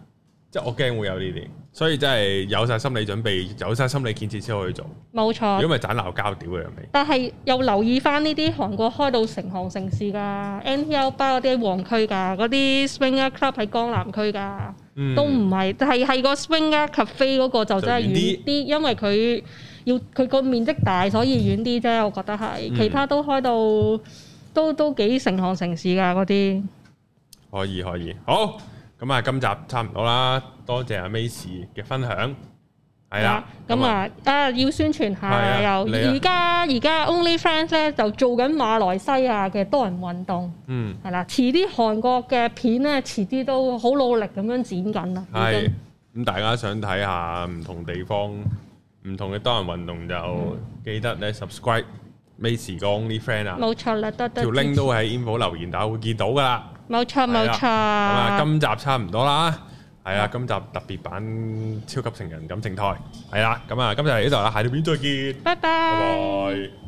Speaker 1: 即係我驚會有呢啲，所以真係有晒心理準備，有晒心理建設先可以做。
Speaker 2: 冇錯，如果唔
Speaker 1: 係爭鬧交，屌佢有。
Speaker 2: 但係又留意翻呢啲韓國開到成行城市㗎，NTR 包嗰啲黃區㗎，嗰啲 Swing Club 喺江南區㗎，嗯、都唔係，係係個 swing cafe 嗰個就真係遠啲，遠因為佢要佢個面積大，所以遠啲啫。我覺得係，嗯、其他都開到都都幾成行城市㗎嗰啲。
Speaker 1: 可以可以，好。咁啊，今集差唔多啦，多謝阿 Macy 嘅分享，係啦，
Speaker 2: 咁啊，誒，要宣傳下又，而家而家 Only Friends 咧就做緊馬來西亞嘅多人運動，嗯，係啦，遲啲韓國嘅片咧，遲啲都好努力咁樣剪緊啦，係，
Speaker 1: 咁大家想睇下唔同地方唔同嘅多人運動就、嗯、記得咧 Subscribe Macy Only Friends 啊，冇
Speaker 2: 錯啦，條得 link 得得得都喺
Speaker 1: info 留言大家會見到噶啦。
Speaker 2: 冇錯冇錯，咁啊的錯、
Speaker 1: 嗯，今集差唔多啦，係啊，嗯、今集特
Speaker 3: 別版超級成人感情台，係啦，咁啊，今日喺呢度啦，下條片再見，拜拜 bye。Bye bye。